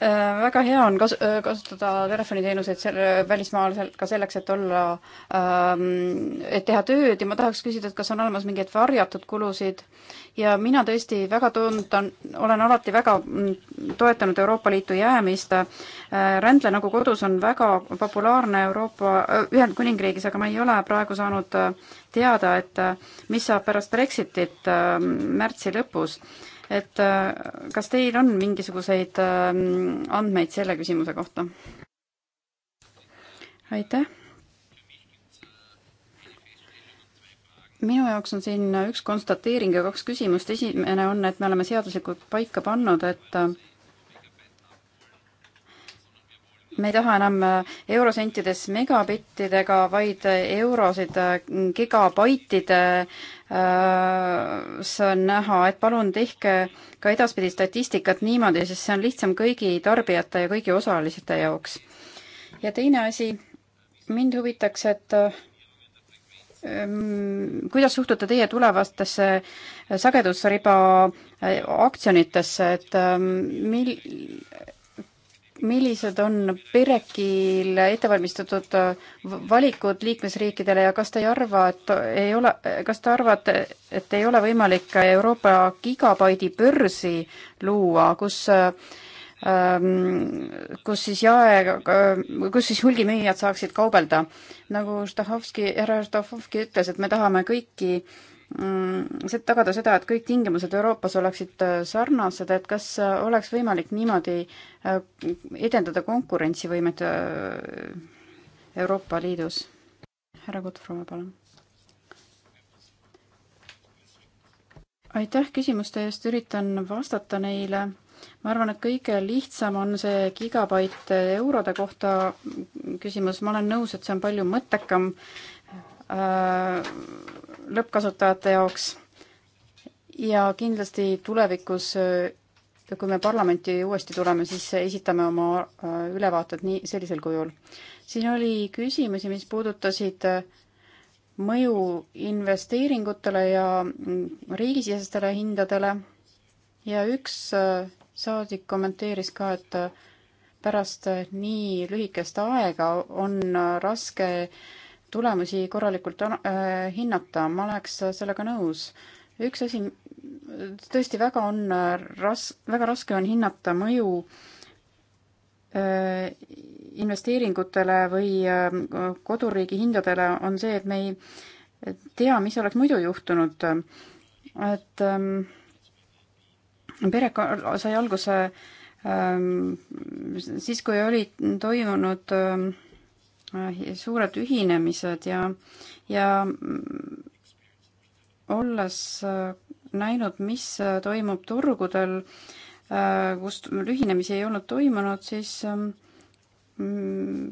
Äh, väga hea on kas-, äh, kasutada telefoniteenuseid selle, välismaal sel-, ka selleks, et olla ähm,, et teha tööd ja ma tahaks küsida, et kas on olemas mingeid varjatud kulusid ja mina tõesti väga tuntan, olen alati väga mm, toetanud Euroopa Liitu jäämist äh,. rändle nagu kodus on väga populaarne Euroopa äh,, Ühendkuningriigis, aga ma ei ole praegu saanud äh, teada, et äh, mis saab pärast Brexitit märtsi lõpus et äh, kas teil on mingisuguseid ähm, andmeid selle küsimuse kohta? aitäh. minu jaoks on siin üks konstateering ja kaks küsimust. esimene on, et me oleme seaduslikult paika pannud, et äh, me ei taha enam äh, eurosentides megabittidega, vaid äh, eurosid äh, gigabaitide see on näha, et palun tehke ka edaspidi statistikat niimoodi, sest see on lihtsam kõigi tarbijate ja kõigi osaliste jaoks. ja teine asi, mind huvitaks, et kuidas suhtute teie tulevastesse sagedusriba aktsionitesse, et mil-, millised on PEREC-il ettevalmistatud valikud liikmesriikidele ja kas te ei arva, et ei ole, kas te arvate, et ei ole võimalik Euroopa gigabaidi börsi luua, kus ähm, kus siis jae, kus siis hulgimüüjad saaksid kaubelda. nagu Štahovski, härra Štahovski ütles, et me tahame kõiki äh, Mm, tagada seda, et kõik tingimused Euroopas oleksid äh, sarnased, et kas äh, oleks võimalik niimoodi äh, edendada konkurentsivõimet Euroopa Liidus? härra Kutfroo, palun. aitäh küsimuste eest, üritan vastata neile ma arvan, et kõige lihtsam on see gigabait eurode kohta küsimus, ma olen nõus, et see on palju mõttekam äh, lõppkasutajate jaoks ja kindlasti tulevikus äh, kui me parlamenti uuesti tuleme, siis esitame oma äh, ülevaated nii, sellisel kujul. siin oli küsimusi, mis puudutasid äh, mõju investeeringutele ja mm, riigisisestele hindadele ja üks saadik kommenteeris ka, et pärast nii lühikest aega on raske tulemusi korralikult äh, hinnata, ma oleks sellega nõus. üks asi, tõesti väga on äh, ras-, väga raske on hinnata mõju äh, investeeringutele või koduriigi hindadele, on see, et me ei tea, mis oleks muidu juhtunud. et ähm, pere sai alguse ähm, siis, kui oli toimunud ähm, Äh, suured ühinemised ja, ja mm, olles äh, näinud, mis äh, toimub turgudel, kus ühinemisi ei olnud toimunud, siis ähm, mm,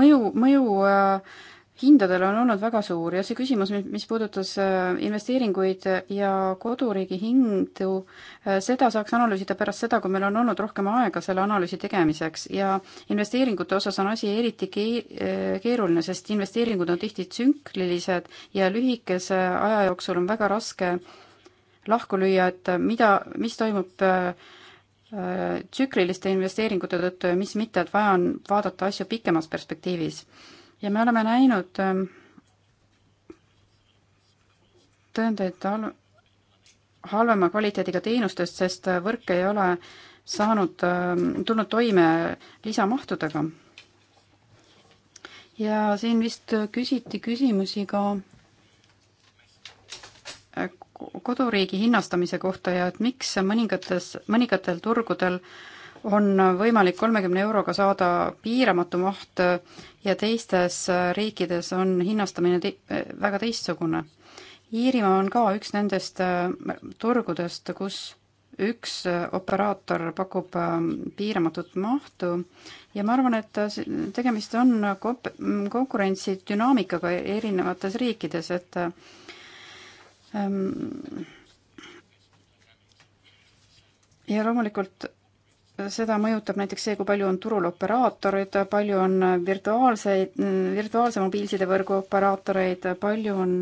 mõju, mõju äh, hindadel on olnud väga suur ja see küsimus, mis puudutas äh, investeeringuid ja koduriigi hindu, äh, seda saaks analüüsida pärast seda, kui meil on olnud rohkem aega selle analüüsi tegemiseks ja investeeringute osas on asi eriti äh, keeruline, sest investeeringud on tihti tsünklilised ja lühikese aja jooksul on väga raske lahku lüüa, et mida, mis toimub tsükliliste investeeringute tõttu ja mis mitte, et vaja on vaadata asju pikemas perspektiivis ja me oleme näinud ähm, tõendeid halvema kvaliteediga teenustest, sest äh, võrk ei ole saanud, ähm, tulnud toime lisamahtudega. ja siin vist küsiti küsimusi ka äh, koduriigi hinnastamise kohta ja et miks mõningates, mõningatel turgudel äh, on võimalik kolmekümne euroga saada piiramatu maht ja teistes riikides on hinnastamine te väga teistsugune. Iirimaa on ka üks nendest äh, turgudest, kus üks äh, operaator pakub ähm, piiramatut mahtu ja ma arvan, et äh, tegemist on kop-, konkurentsidünaamikaga erinevates riikides, et ähm, ja loomulikult seda mõjutab näiteks see, kui palju on turul operaatoreid, palju on virtuaalseid, virtuaalse mobiilside võrgu operaatoreid, palju on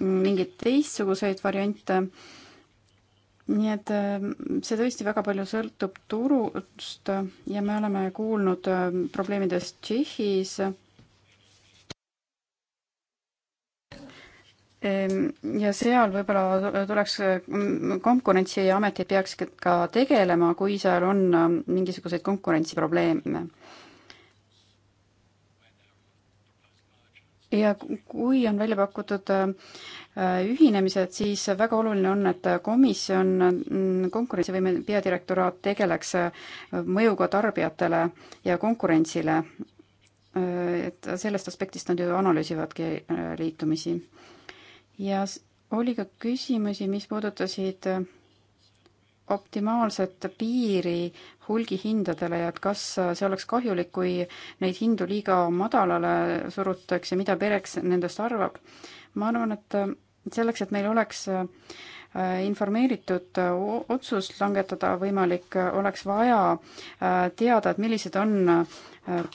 mingeid teistsuguseid variante. nii et eh, see tõesti väga palju sõltub turust ja me oleme kuulnud eh, probleemidest Tšehhis Ehm, ja seal võib-olla tuleks, mm, konkurentsiametid peaksid ka tegelema, kui seal on ähm, mingisuguseid konkurentsiprobleeme. ja kui on välja pakutud ähm, äh, ühinemised, siis väga oluline on, et komisjon, mm, konkurentsivõime peadirektoraat tegeleks äh, mõjuga tarbijatele ja konkurentsile. Äh, et sellest aspektist nad ju analüüsivadki liitumisi ja oli ka küsimusi, mis puudutasid äh, optimaalset piiri hulgihindadele ja et kas äh, see oleks kahjulik, kui neid hindu liiga madalale surutakse, mida pereks nendest arvab. ma arvan, et äh, selleks, et meil oleks informeeritud otsust langetada võimalik, oleks vaja teada, et millised on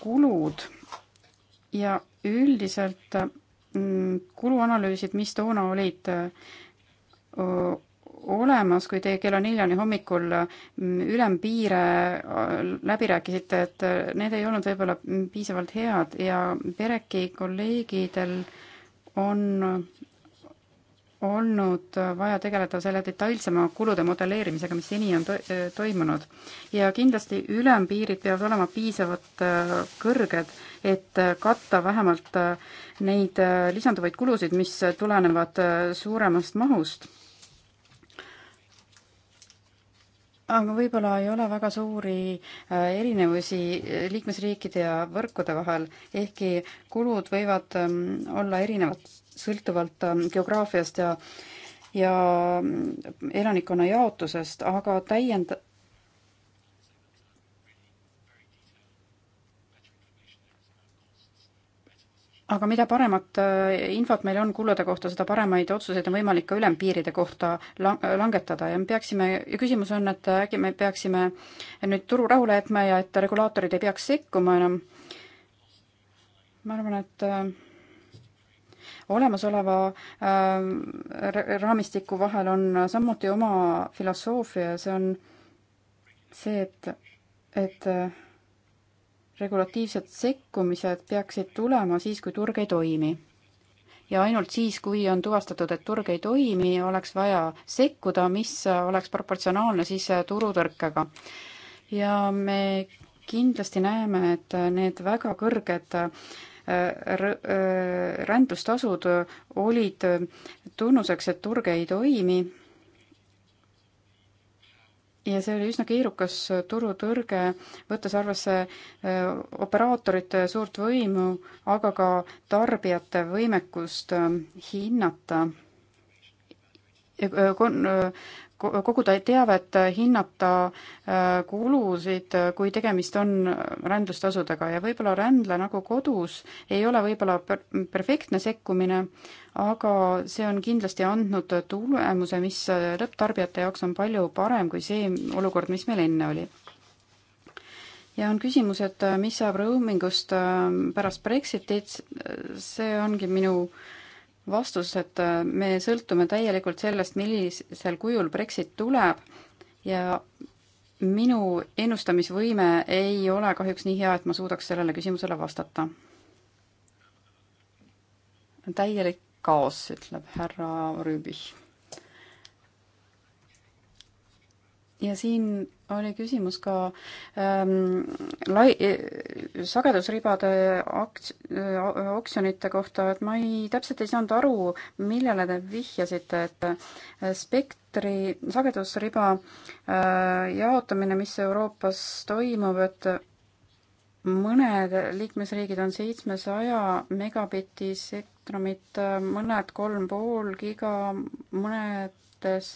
kulud ja üldiselt Mm, kuluanalüüsid, mis toona olid olemas, kui teie kella neljani hommikul mm, ülempiire läbi rääkisite, et äh, need ei olnud võib-olla mm, piisavalt head ja Pereki kolleegidel on olnud vaja tegeleda selle detailsema kulude modelleerimisega, mis seni on to toimunud. ja kindlasti ülempiirid peavad olema piisavalt äh, kõrged, et äh, katta vähemalt äh, neid lisanduvaid kulusid, mis tulenevad suuremast mahust. aga võib-olla ei ole väga suuri erinevusi liikmesriikide ja võrkude vahel, ehkki kulud võivad ähm, olla erinevad sõltuvalt ähm, geograafiast ja, ja mm, elanikkonna jaotusest, aga täiend-, aga mida paremat äh, infot meil on kulude kohta, seda paremaid otsuseid on võimalik ka ülempiiride kohta langetada ja me peaksime, ja küsimus on, et äkki me peaksime nüüd turu rahule jätma ja et regulaatorid ei peaks sekkuma enam. ma arvan, et äh, olemasoleva ähm, raamistiku vahel on samuti oma filosoofia ja see on see, et, et äh, regulatiivsed sekkumised peaksid tulema siis, kui turg ei toimi. ja ainult siis, kui on tuvastatud, et turg ei toimi, oleks vaja sekkuda, mis oleks proportsionaalne siis äh, turutõrkega. ja me kindlasti näeme, et need väga kõrged äh, Äh, äh, rändlustasud olid tunnuseks, et turg ei toimi. ja see oli üsna keerukas turutõrge, võttes arvesse äh, operaatorite suurt võimu, aga ka tarbijate võimekust hinnata kon-, koguda teavet, hinnata äh, kulusid, kui tegemist on rändlustasudega ja võib-olla rändla nagu kodus ei ole võib-olla per-, perfektne sekkumine, aga see on kindlasti andnud tulemuse, mis lõpptarbijate jaoks on palju parem kui see olukord, mis meil enne oli. ja on küsimus, et mis saab roamingust äh, pärast Brexitit, see ongi minu äh, vastus, et äh, me sõltume täielikult sellest, millisel kujul Brexit tuleb ja minu ennustamisvõime ei ole kahjuks nii hea, et ma suudaks sellele küsimusele vastata. täielik kaos, ütleb härra Rüübich. ja siin oli küsimus ka ähm, lai- äh,, sagedusribade akts- äh,, oksjonite kohta, et ma ei, täpselt ei saanud aru, millele te vihjasite, et äh, spektri, sagedusriba äh, jaotamine, mis Euroopas toimub, et mõned liikmesriigid on seitsmesaja megabitti sektrumit, äh, mõned kolm pool giga, mõnedes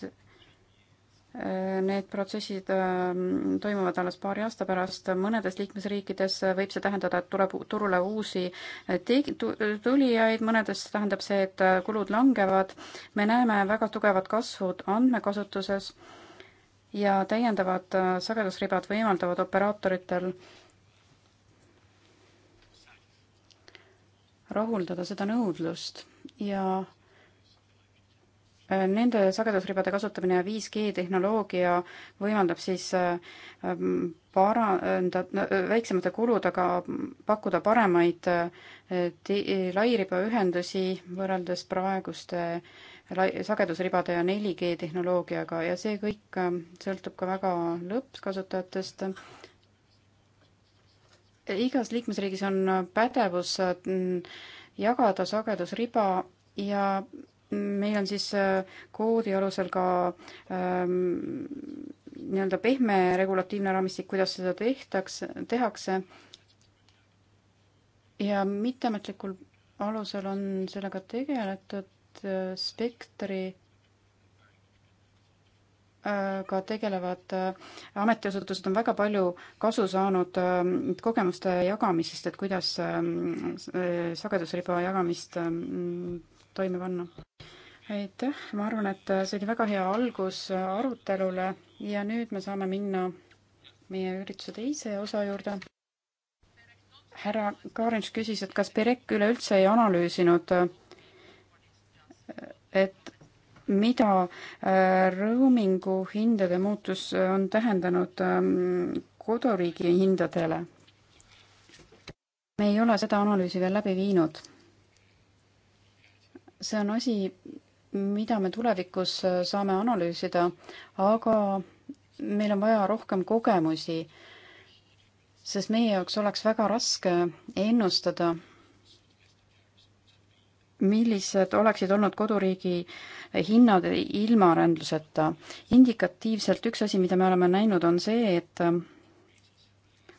Need protsessid ähm, toimuvad alles paari aasta pärast, mõnedes liikmesriikides võib see tähendada, et tuleb turule uusi äh, tegi-, tulijaid, mõnedes tähendab see, et äh, kulud langevad, me näeme väga tugevat kasvu andmekasutuses ja täiendavad äh, sagedusribad võimaldavad operaatoritel rahuldada seda nõudlust ja Äh, nende sagedusribade kasutamine ja 5G tehnoloogia võimaldab siis äh, ähm, paranda-, äh, väiksemate kuludega pakkuda paremaid lairibaühendusi võrreldes praeguste lai-, sagedusribade ja 4G tehnoloogiaga ja see kõik ähm, sõltub ka väga lõppkasutajatest. igas liikmesriigis on pädevus jagada sagedusriba ja meil on siis äh, koodi alusel ka ähm, nii-öelda pehme regulatiivne raamistik, kuidas seda tehtakse, tehakse. ja mitteametlikul alusel on sellega tegeletud äh, spektri äh, ka tegelevad ametiasutused on väga palju kasu saanud ähm, kogemuste jagamisest, et kuidas ähm, sagedusriba jagamist ähm, toime panna aitäh, ma arvan, et see oli väga hea algus arutelule ja nüüd me saame minna meie ürituse teise osa juurde. härra Kaarens küsis, et kas Perek üleüldse ei analüüsinud, et mida äh, roamingu hindade muutus on tähendanud ähm, koduriigi hindadele? me ei ole seda analüüsi veel läbi viinud. see on asi, mida me tulevikus äh, saame analüüsida, aga meil on vaja rohkem kogemusi, sest meie jaoks oleks väga raske ennustada, millised oleksid olnud koduriigi hinnad ilma rändluseta. indikatiivselt üks asi, mida me oleme näinud, on see, et äh,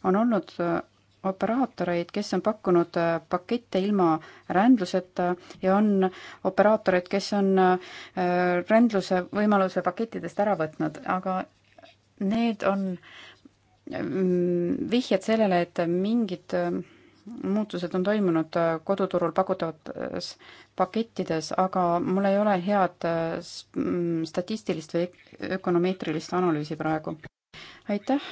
on olnud äh, operaatoreid, kes on pakkunud äh, pakette ilma rändluseta ja on operaatoreid, kes on äh, rändluse võimaluse pakettidest ära võtnud, aga need on mm, vihjed sellele, et mingid äh, muutused on toimunud koduturul pakutavates pakettides, aga mul ei ole head mm, statistilist või ökonomeetrilist analüüsi praegu. aitäh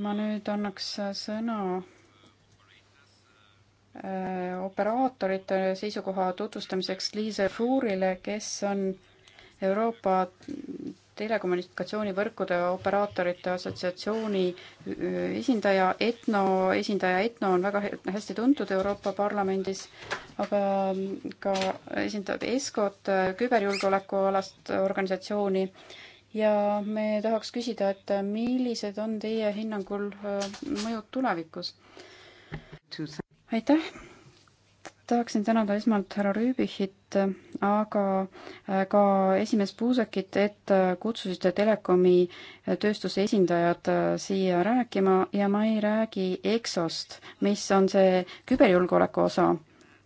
ma nüüd annaks sõna äh, operaatorite seisukoha tutvustamiseks Liise Fuurile, kes on Euroopa telekommunikatsioonivõrkude operaatorite assotsiatsiooni äh, esindaja, Etno esindaja, Etno on väga hästi tuntud Euroopa Parlamendis, aga ähm, ka esindab ESCO-t, äh, küberjulgeoleku alast organisatsiooni ja me tahaks küsida, et millised on teie hinnangul äh, mõjud tulevikus? aitäh! tahaksin tänada esmalt härra Rüübichit, aga äh, ka esimees Puusekit, et äh, kutsusite Telekomi tööstuse esindajad siia rääkima ja ma ei räägi EXO-st, mis on see küberjulgeoleku osa,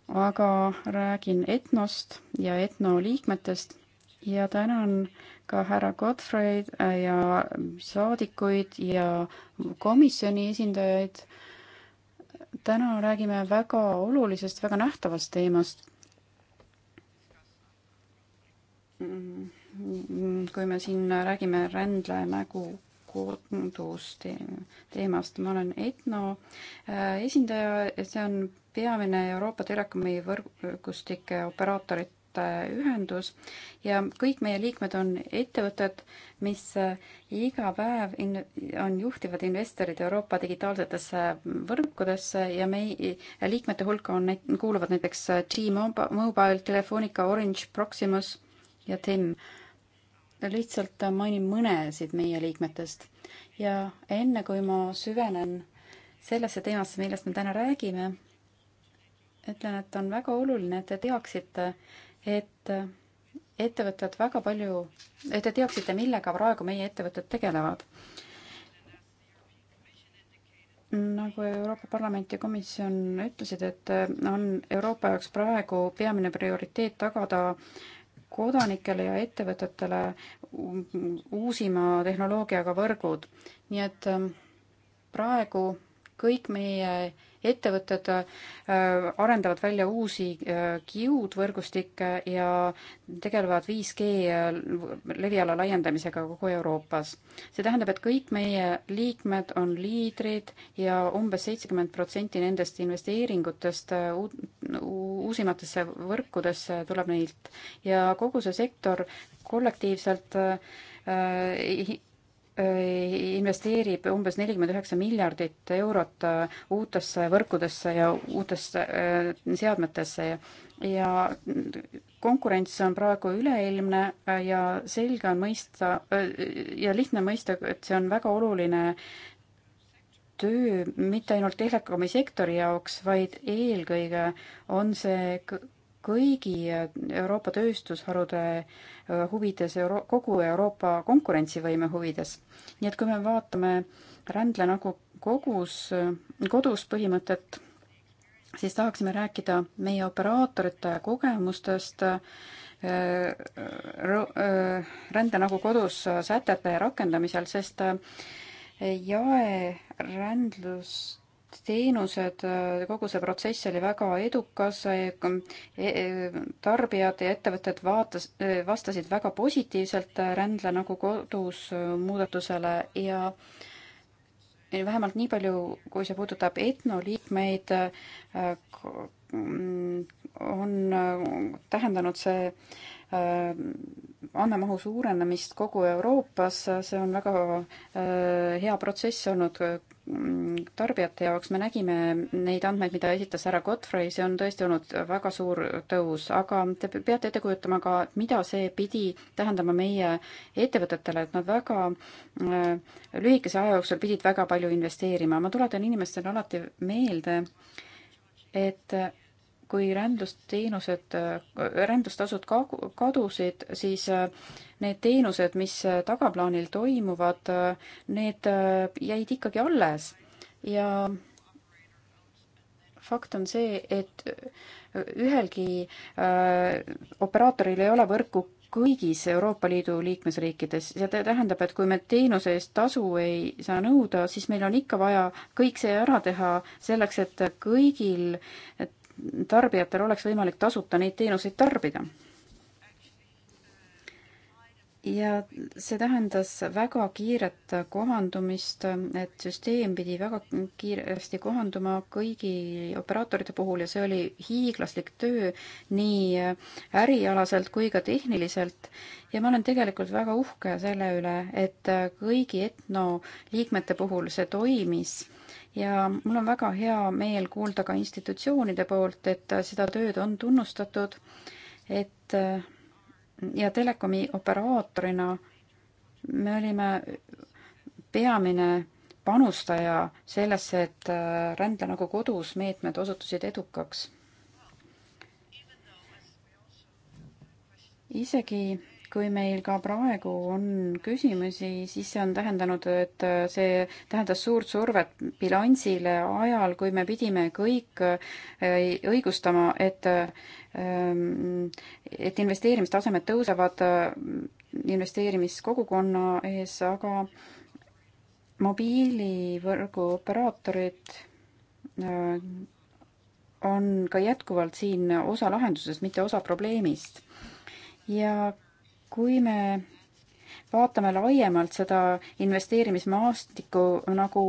aga räägin Etnost ja Etno liikmetest ja tänan äh, ka härra Gottfried äh, ja saadikuid ja komisjoni esindajaid. täna räägime väga olulisest, väga nähtavast teemast. kui me siin räägime rändlaemägu koondusteemast. ma olen Etno äh, esindaja, see on peamine Euroopa Telekomi võrgustike operaatorite ettevõtete äh, ühendus ja kõik meie liikmed on ettevõtted, mis äh, iga päev in-, on juhtivad investorid Euroopa digitaalsetesse võrkudesse ja mei-, liikmete hulka on neid, kuuluvad näiteks äh, T-Mobile, Telefonica, Orange, Proximus ja TIM. lihtsalt mainin mõnesid meie liikmetest. ja enne, kui ma süvenen sellesse teemasse, millest me täna räägime, ütlen, et on väga oluline, et te teaksite, et äh, ettevõtted väga palju, et te teaksite, millega praegu meie ettevõtted tegelevad. nagu Euroopa Parlament ja komisjon ütlesid, et äh, on Euroopa jaoks praegu peamine prioriteet tagada kodanikele ja ettevõtetele uusima tehnoloogiaga võrgud. nii et äh, praegu kõik meie ettevõtted äh, arendavad välja uusi äh, kiudvõrgustikke ja tegelevad 5G äh, leviala laiendamisega kogu Euroopas. see tähendab, et kõik meie liikmed on liidrid ja umbes seitsekümmend protsenti nendest investeeringutest uusimatesse võrkudesse tuleb neilt ja kogu see sektor kollektiivselt investeerib umbes nelikümmend üheksa miljardit eurot äh, uutesse võrkudesse ja uutesse äh, seadmetesse ja konkurents on praegu üleilmne äh, ja selge on mõista ja lihtne mõista, et see on väga oluline töö mitte ainult telekomi sektori jaoks, vaid eelkõige on see kõigi Euroopa tööstusharude äh, huvides, euro-, kogu Euroopa konkurentsivõime huvides. nii et kui me vaatame rändle nagu kogus, äh, kodus põhimõtet, siis tahaksime rääkida meie operaatorite kogemustest, äh, rände nagu kodus sätete rakendamisel, sest jaerändlust teenused, kogu see protsess oli väga edukas, e-, e-, tarbijad ja ettevõtted vaatas, vastasid väga positiivselt rändle nagu kodus muudatusele ja vähemalt nii palju, kui see puudutab etnoliikmeid, on tähendanud see Äh, annemahu suurenemist kogu Euroopas, see on väga äh, hea protsess olnud äh, tarbijate jaoks, me nägime neid andmeid, mida esitas härra Godfrey, see on tõesti olnud väga suur tõus, aga te peate ette kujutama ka, mida see pidi tähendama meie ettevõtetele, et nad väga lühikese aja jooksul pidid väga palju investeerima, ma tuletan inimestele alati meelde, et kui rändlusteenused, rändlustasud kadusid, siis äh, need teenused, mis äh, tagaplaanil toimuvad, äh, need jäid ikkagi alles ja fakt on see, et ühelgi operaatoril ei ole võrku kõigis Euroopa Liidu liikmesriikides, see tähendab, et kui me teenuse eest tasu ei saa nõuda, siis meil on ikka vaja kõik see ära teha selleks, et kõigil tarbijatel oleks võimalik tasuta neid teenuseid tarbida. ja see tähendas väga kiiret kohandumist, et süsteem pidi väga kiiresti kohanduma kõigi operaatorite puhul ja see oli hiiglaslik töö nii ärialaselt kui ka tehniliselt. ja ma olen tegelikult väga uhke selle üle, et kõigi etno liikmete puhul see toimis ja mul on väga hea meel kuulda ka institutsioonide poolt, et seda tööd on tunnustatud, et ja telekomi operaatorina me olime peamine panustaja sellesse, et Rände nagu kodus meetmed osutusid edukaks. isegi kui meil ka praegu on küsimusi, siis see on tähendanud, et äh, see tähendas suurt survet bilansile ajal, kui me pidime kõik äh, õigustama, et ähm, et investeerimistasemed tõusevad äh, investeerimiskogukonna ees, aga mobiilivõrgu operaatorid on ka jätkuvalt siin osa lahendusest, mitte osa probleemist. ja kui me vaatame laiemalt seda investeerimismaastikku, nagu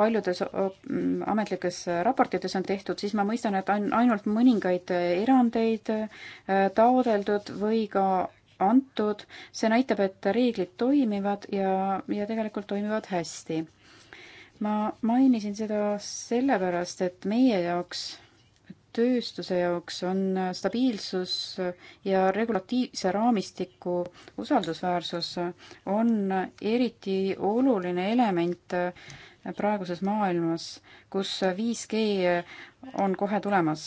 paljudes mm, ametlikes raportites on tehtud, siis ma mõistan, et on ainult mõningaid erandeid äh, taodeldud või ka antud, see näitab, et reeglid toimivad ja, ja tegelikult toimivad hästi. ma mainisin seda sellepärast, et meie jaoks tööstuse jaoks on äh, stabiilsus äh, ja regulatiivse raamistiku usaldusväärsus äh, on eriti oluline element praeguses maailmas, kus 5G on kohe tulemas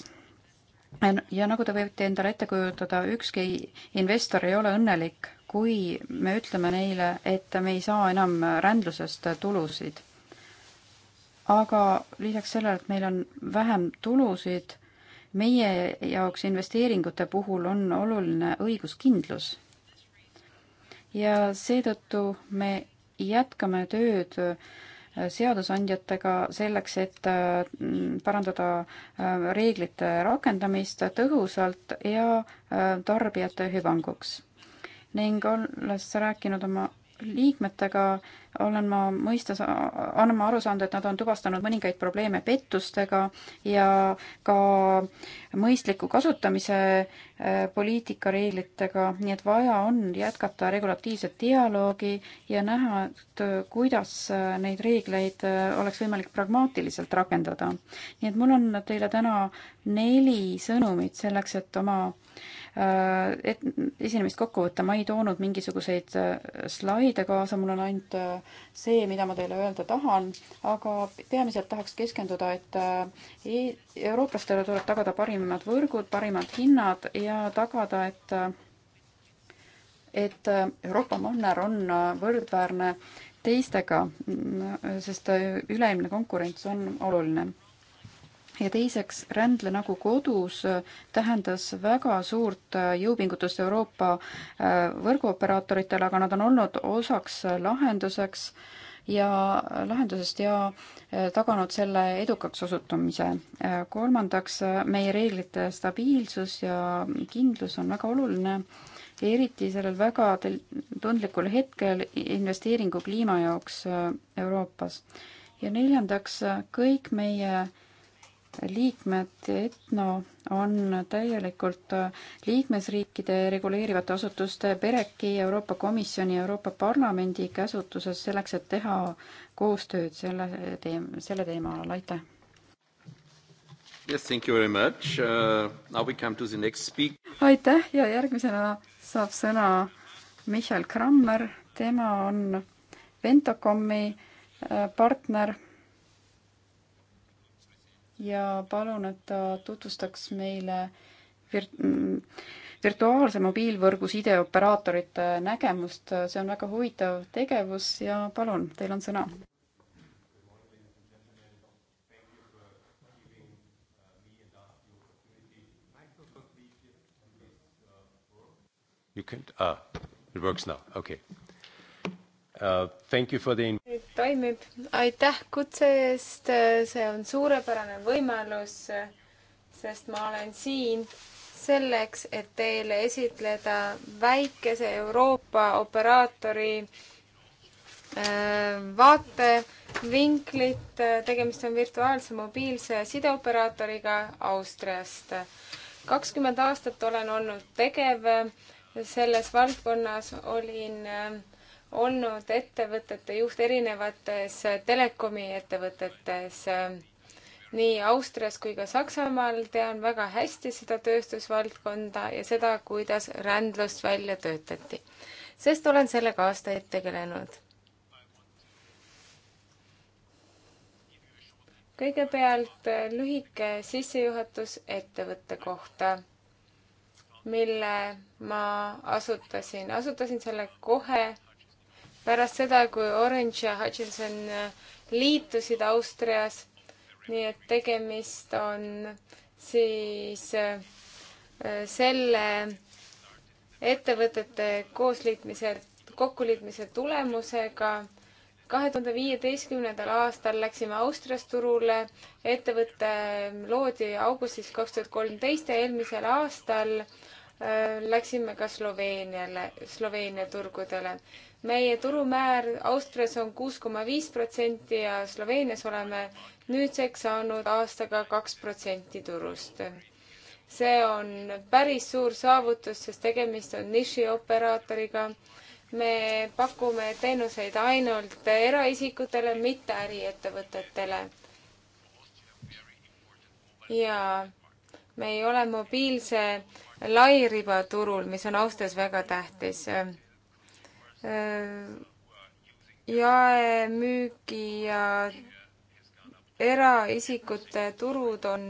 ja nagu te võite endale ette kujutada, ükski investor ei ole õnnelik, kui me ütleme neile, et me ei saa enam rändlusest tulusid. aga lisaks sellele, et meil on vähem tulusid, meie jaoks investeeringute puhul on oluline õiguskindlus. ja seetõttu me jätkame tööd äh, seadusandjatega selleks, et äh, parandada äh, reeglite rakendamist tõhusalt ja tarbijate hüvanguks. ning olles rääkinud oma liikmetega olen ma mõistes, annan ma aru saanud, et nad on tuvastanud mõningaid probleeme pettustega ja ka mõistliku kasutamise äh, poliitikareeglitega, nii et vaja on jätkata regulatiivset dialoogi ja näha, et äh, kuidas äh, neid reegleid oleks võimalik pragmaatiliselt rakendada. nii et mul on teile täna neli sõnumit selleks, et oma äh, Äh, et esinemist kokku võtta, ma ei toonud mingisuguseid äh, slaide kaasa, mul on ainult äh, see, mida ma teile öelda tahan, aga peamiselt tahaks keskenduda, et e-, eurooplastele tuleb tagada parimad võrgud, parimad hinnad ja tagada, et et Euroopa manner on võrdväärne teistega, sest üleilmne konkurents on oluline ja teiseks, rändle nagu kodus äh, tähendas väga suurt äh, jõupingutust Euroopa äh, võrguoperaatoritele, aga nad on olnud osaks lahenduseks ja lahendusest ja taganud selle edukaks osutumise. kolmandaks, meie reeglite stabiilsus ja kindlus on väga oluline, eriti sellel väga tundlikul hetkel investeeringu kliima jaoks Euroopas. ja neljandaks, kõik meie liikmed ETNO on täielikult liikmesriikide reguleerivate asutuste PERECi, Euroopa Komisjoni ja Euroopa Parlamendi käsutuses selleks, et teha koostööd selle teem-, selle teema all, aitäh! Yes, thank you very much uh,. Now we come to the next speak-. aitäh ja järgmisena saab sõna Michal Krammer, tema on Ventocomi äh, partner ja palun, et ta tutvustaks meile virt-, mm, virtuaalse mobiilvõrgu sideoperaatorite nägemust, see on väga huvitav tegevus ja palun, teil on sõna. You can, ah, it works now, okay. Uh, the... toimib, aitäh kutse eest, see on suurepärane võimalus, sest ma olen siin selleks, et teile esitleda väikese Euroopa operaatori äh, vaatevinklit, tegemist on virtuaalse mobiilse sideoperaatoriga Austriast. kakskümmend aastat olen olnud tegev selles valdkonnas, olin äh, olnud ettevõtete juht erinevates telekomiettevõtetes nii Austrias kui ka Saksamaal tean väga hästi seda tööstusvaldkonda ja seda, kuidas rändlust välja töötati, sest olen sellega aastaid tegelenud. kõigepealt lühike sissejuhatus ettevõtte kohta, mille ma asutasin. asutasin selle kohe pärast seda, kui Orange ja Hutchinson äh, liitusid Austrias. nii et tegemist on siis äh, selle ettevõtete koosliitmise, kokkuliitmise tulemusega kahe tuhande viieteistkümnendal aastal läksime Austrias turule, ettevõte loodi augustis kaks tuhat kolmteist ja eelmisel aastal äh, läksime ka Sloveeniale, Sloveenia turgudele meie turumäär Austrias on kuus koma viis protsenti ja Sloveenias oleme nüüdseks saanud aastaga kaks protsenti turust. see on päris suur saavutus, sest tegemist on nišioperaatoriga. me pakume teenuseid ainult eraisikutele, mitte äriettevõtetele. ja me ei ole mobiilse lairibaturul, mis on Austrias väga tähtis jaemüügi ja eraisikute turud on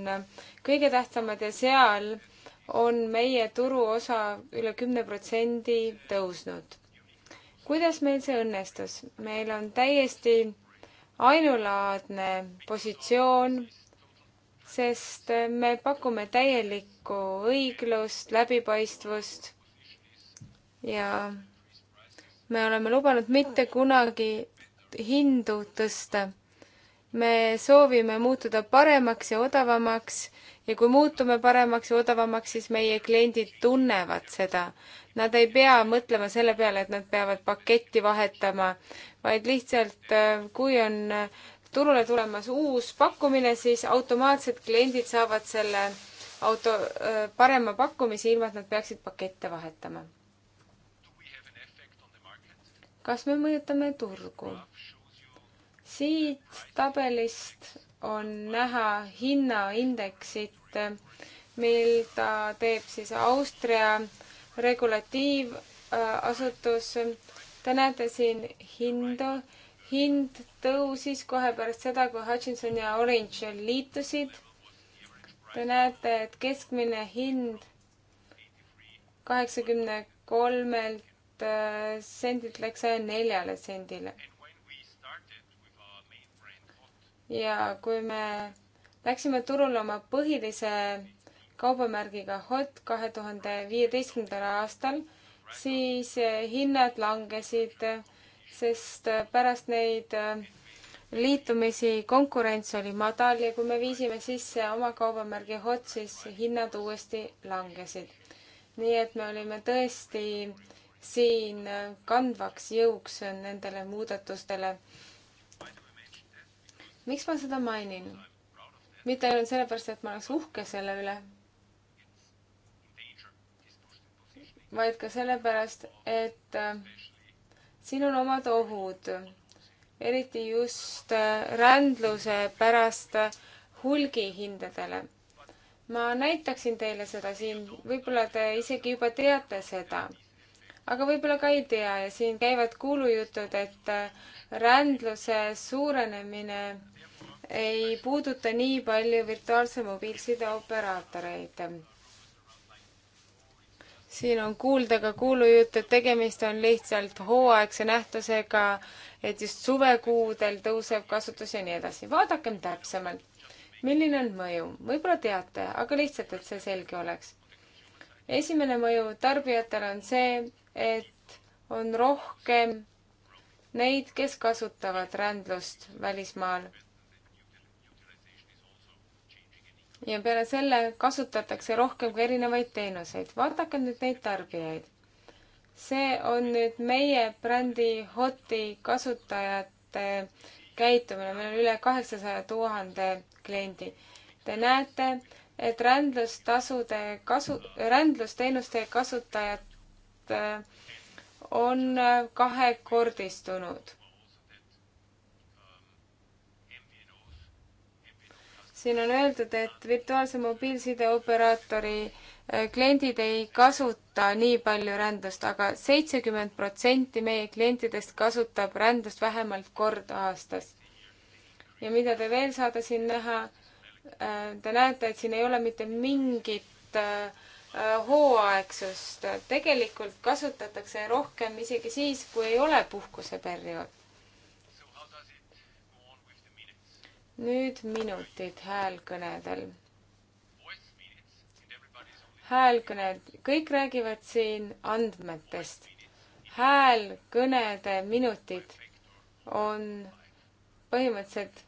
kõige tähtsamad ja seal on meie turuosa üle kümne protsendi tõusnud. kuidas meil see õnnestus? meil on täiesti ainulaadne positsioon, sest me pakume täielikku õiglust, läbipaistvust ja me oleme lubanud mitte kunagi hindu tõsta. me soovime muutuda paremaks ja odavamaks ja kui muutume paremaks ja odavamaks, siis meie kliendid tunnevad seda. Nad ei pea mõtlema selle peale, et nad peavad paketti vahetama, vaid lihtsalt äh, kui on äh, turule tulemas uus pakkumine, siis automaatselt kliendid saavad selle auto, äh, parema pakkumise, ilma et nad peaksid pakette vahetama kas me mõjutame turgu? siit tabelist on näha hinnaindeksit, mil ta teeb siis Austria regulatiivasutus. Te näete siin hindu, hind tõusis kohe pärast seda, kui Hutchinson ja Orange liitusid. Te näete, et keskmine hind kaheksakümne kolmelt Äh, sendilt läks saja neljale sendile. ja kui me läksime turule oma põhilise kaubamärgiga Hot kahe tuhande viieteistkümnendal aastal, siis äh, hinnad langesid, sest äh, pärast neid liitumisi konkurents oli madal ja kui me viisime sisse oma kaubamärgi Hot, siis hinnad uuesti langesid. nii et me olime tõesti siin kandvaks jõuks nendele muudatustele. miks ma seda mainin? mitte ainult sellepärast, et ma oleks uhke selle üle, vaid ka sellepärast, et äh, siin on omad ohud, eriti just äh, rändluse pärast äh, hulgihindadele. ma näitaksin teile seda siin, võib-olla te isegi juba teate seda aga võib-olla ka ei tea ja siin käivad kuulujutud, et äh, rändluse suurenemine ei puuduta nii palju virtuaalse mobiilside operaatoreid. siin on kuulda ka kuulujutt, et tegemist on lihtsalt hooaegse nähtusega, et just suvekuudel tõuseb kasutus ja nii edasi. vaadakem täpsemalt, milline on mõju, võib-olla teate, aga lihtsalt, et see selge oleks esimene mõju tarbijatele on see, et on rohkem neid, kes kasutavad rändlust välismaal. ja peale selle kasutatakse rohkem ka erinevaid teenuseid. vaadake nüüd neid tarbijaid. see on nüüd meie brändi Hoti kasutajate käitumine, meil on üle kaheksasaja tuhande kliendi. Te näete, et rändlustasude kasu, rändlusteenuste kasutajate Äh, on äh, kahekordistunud. siin on öeldud, et virtuaalse mobiilside operaatori äh, kliendid ei kasuta nii palju rändust aga, aga seitsekümmend protsenti meie klientidest kasutab rändust vähemalt kord aastas. ja mida te veel saate siin näha, te näete, et siin ei ole mitte mingit Äh, hooaegsust. tegelikult kasutatakse rohkem isegi siis, kui ei ole puhkuseperiood. nüüd minutid häälkõnedel. häälkõned, kõik räägivad siin andmetest. häälkõnede minutid on põhimõtteliselt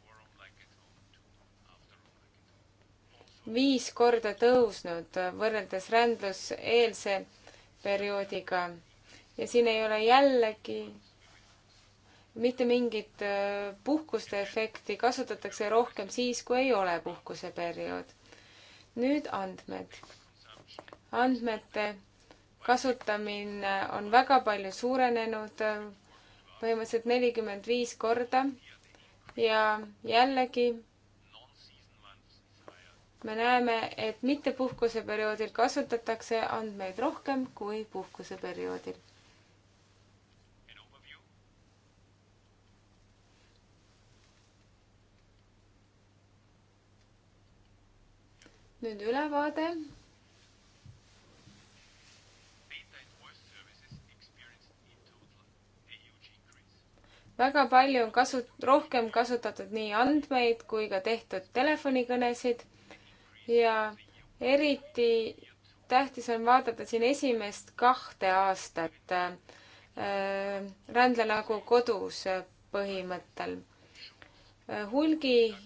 viis korda tõusnud võrreldes rändluseelse perioodiga ja siin ei ole jällegi mitte mingit äh, puhkuste efekti, kasutatakse rohkem siis, kui ei ole puhkuseperiood. nüüd andmed. andmete kasutamine on väga palju suurenenud, äh, põhimõtteliselt nelikümmend viis korda ja jällegi me näeme, et mitte puhkuseperioodil kasutatakse andmeid rohkem kui puhkuseperioodil. nüüd ülevaade. väga palju on kasu, rohkem kasutatud nii andmeid kui ka tehtud telefonikõnesid ja eriti tähtis on vaadata siin esimest kahte aastat äh, rändelagu kodus põhimõttel äh,. hulgi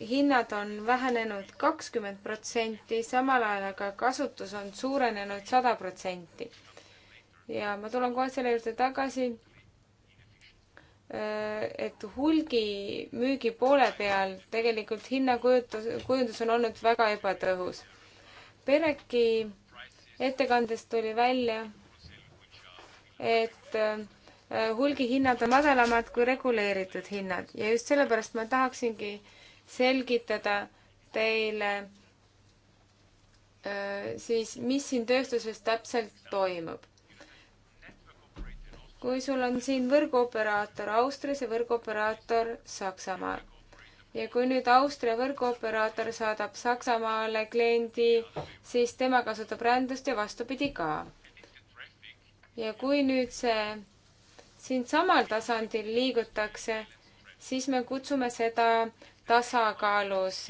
hinnad on vähenenud kakskümmend protsenti, samal ajal aga kasutus on suurenenud sada protsenti. ja ma tulen kohe selle juurde tagasi Äh, et hulgimüügi poole peal tegelikult hinnakujutus, kujundus on olnud väga ebatõhus. Pereki ettekandest tuli välja, et äh, hulgihinnad on madalamad kui reguleeritud hinnad ja just sellepärast ma tahaksingi selgitada teile äh, siis, mis siin tööstuses täpselt toimub kui sul on siin võrguoperaator Austrias ja võrguoperaator Saksamaal ja kui nüüd Austria võrguoperaator saadab Saksamaale kliendi, siis tema kasutab rändust ja vastupidi ka. ja kui nüüd see siinsamal tasandil liigutakse, siis me kutsume seda tasakaalus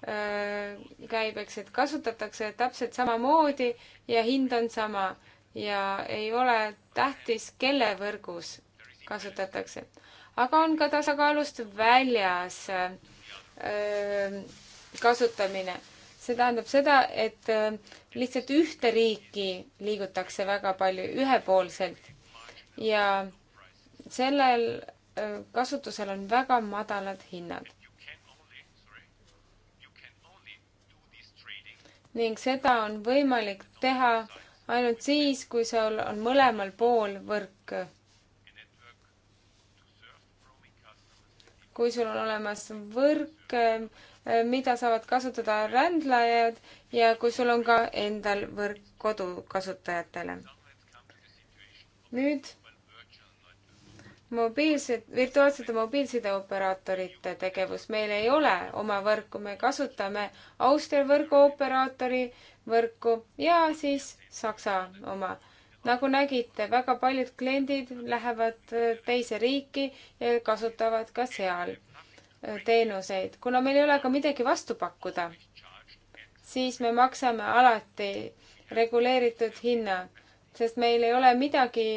käibeks, et kasutatakse täpselt samamoodi ja hind on sama ja ei ole tähtis, kelle võrgus kasutatakse. aga on ka tasakaalust väljas öö, kasutamine. see tähendab seda, et lihtsalt ühte riiki liigutakse väga palju ühepoolselt ja sellel kasutusel on väga madalad hinnad. ning seda on võimalik teha ainult siis, kui seal on mõlemal pool võrk. kui sul on olemas võrk, eh, mida saavad kasutada rändlajad ja kui sul on ka endal võrk kodukasutajatele. nüüd mobiilsed, virtuaalsete mobiilsideoperaatorite tegevus. meil ei ole oma võrku, me kasutame Austria võrguoperaatori võrku ja siis Saksa oma. nagu nägite, väga paljud kliendid lähevad äh, teise riiki ja kasutavad ka seal äh, teenuseid. kuna meil ei ole ka midagi vastu pakkuda, siis me maksame alati reguleeritud hinna, sest meil ei ole midagi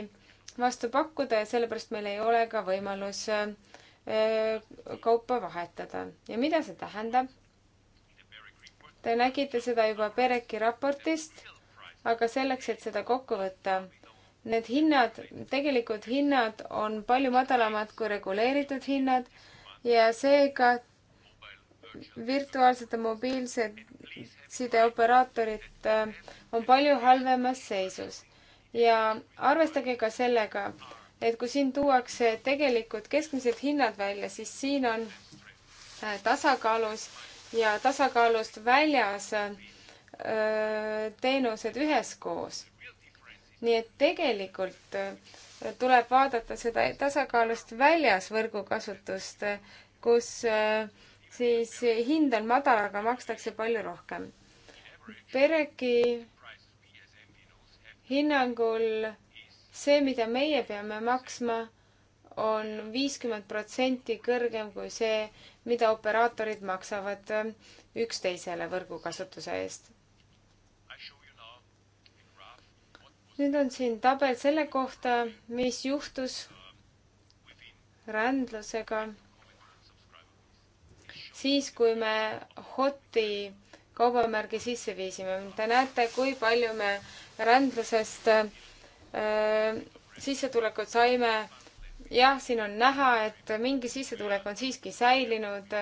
vastu pakkuda ja sellepärast meil ei ole ka võimalus äh, kaupa vahetada. ja mida see tähendab? Te nägite seda juba Pereki raportist aga selleks, et seda kokku võtta, need hinnad, tegelikud hinnad on palju madalamad kui reguleeritud hinnad ja seega virtuaalsete mobiilsideoperaatorid äh, on palju halvemas seisus. ja arvestage ka sellega, et kui siin tuuakse tegelikud keskmised hinnad välja, siis siin on äh, tasakaalus ja tasakaalust väljas äh, Äh, teenused üheskoos. nii et tegelikult äh, tuleb vaadata seda tasakaalust väljas võrgukasutust, kus äh, siis hind on madal, aga makstakse palju rohkem. Pereki hinnangul see, mida meie peame maksma, on viiskümmend protsenti kõrgem kui see, mida operaatorid maksavad üksteisele võrgukasutuse eest nüüd on siin tabel selle kohta, mis juhtus rändlusega siis, kui me Hoti kaubamärgi sisse viisime. Te näete, kui palju me rändlusest äh, sissetulekut saime. jah, siin on näha, et mingi sissetulek on siiski säilinud,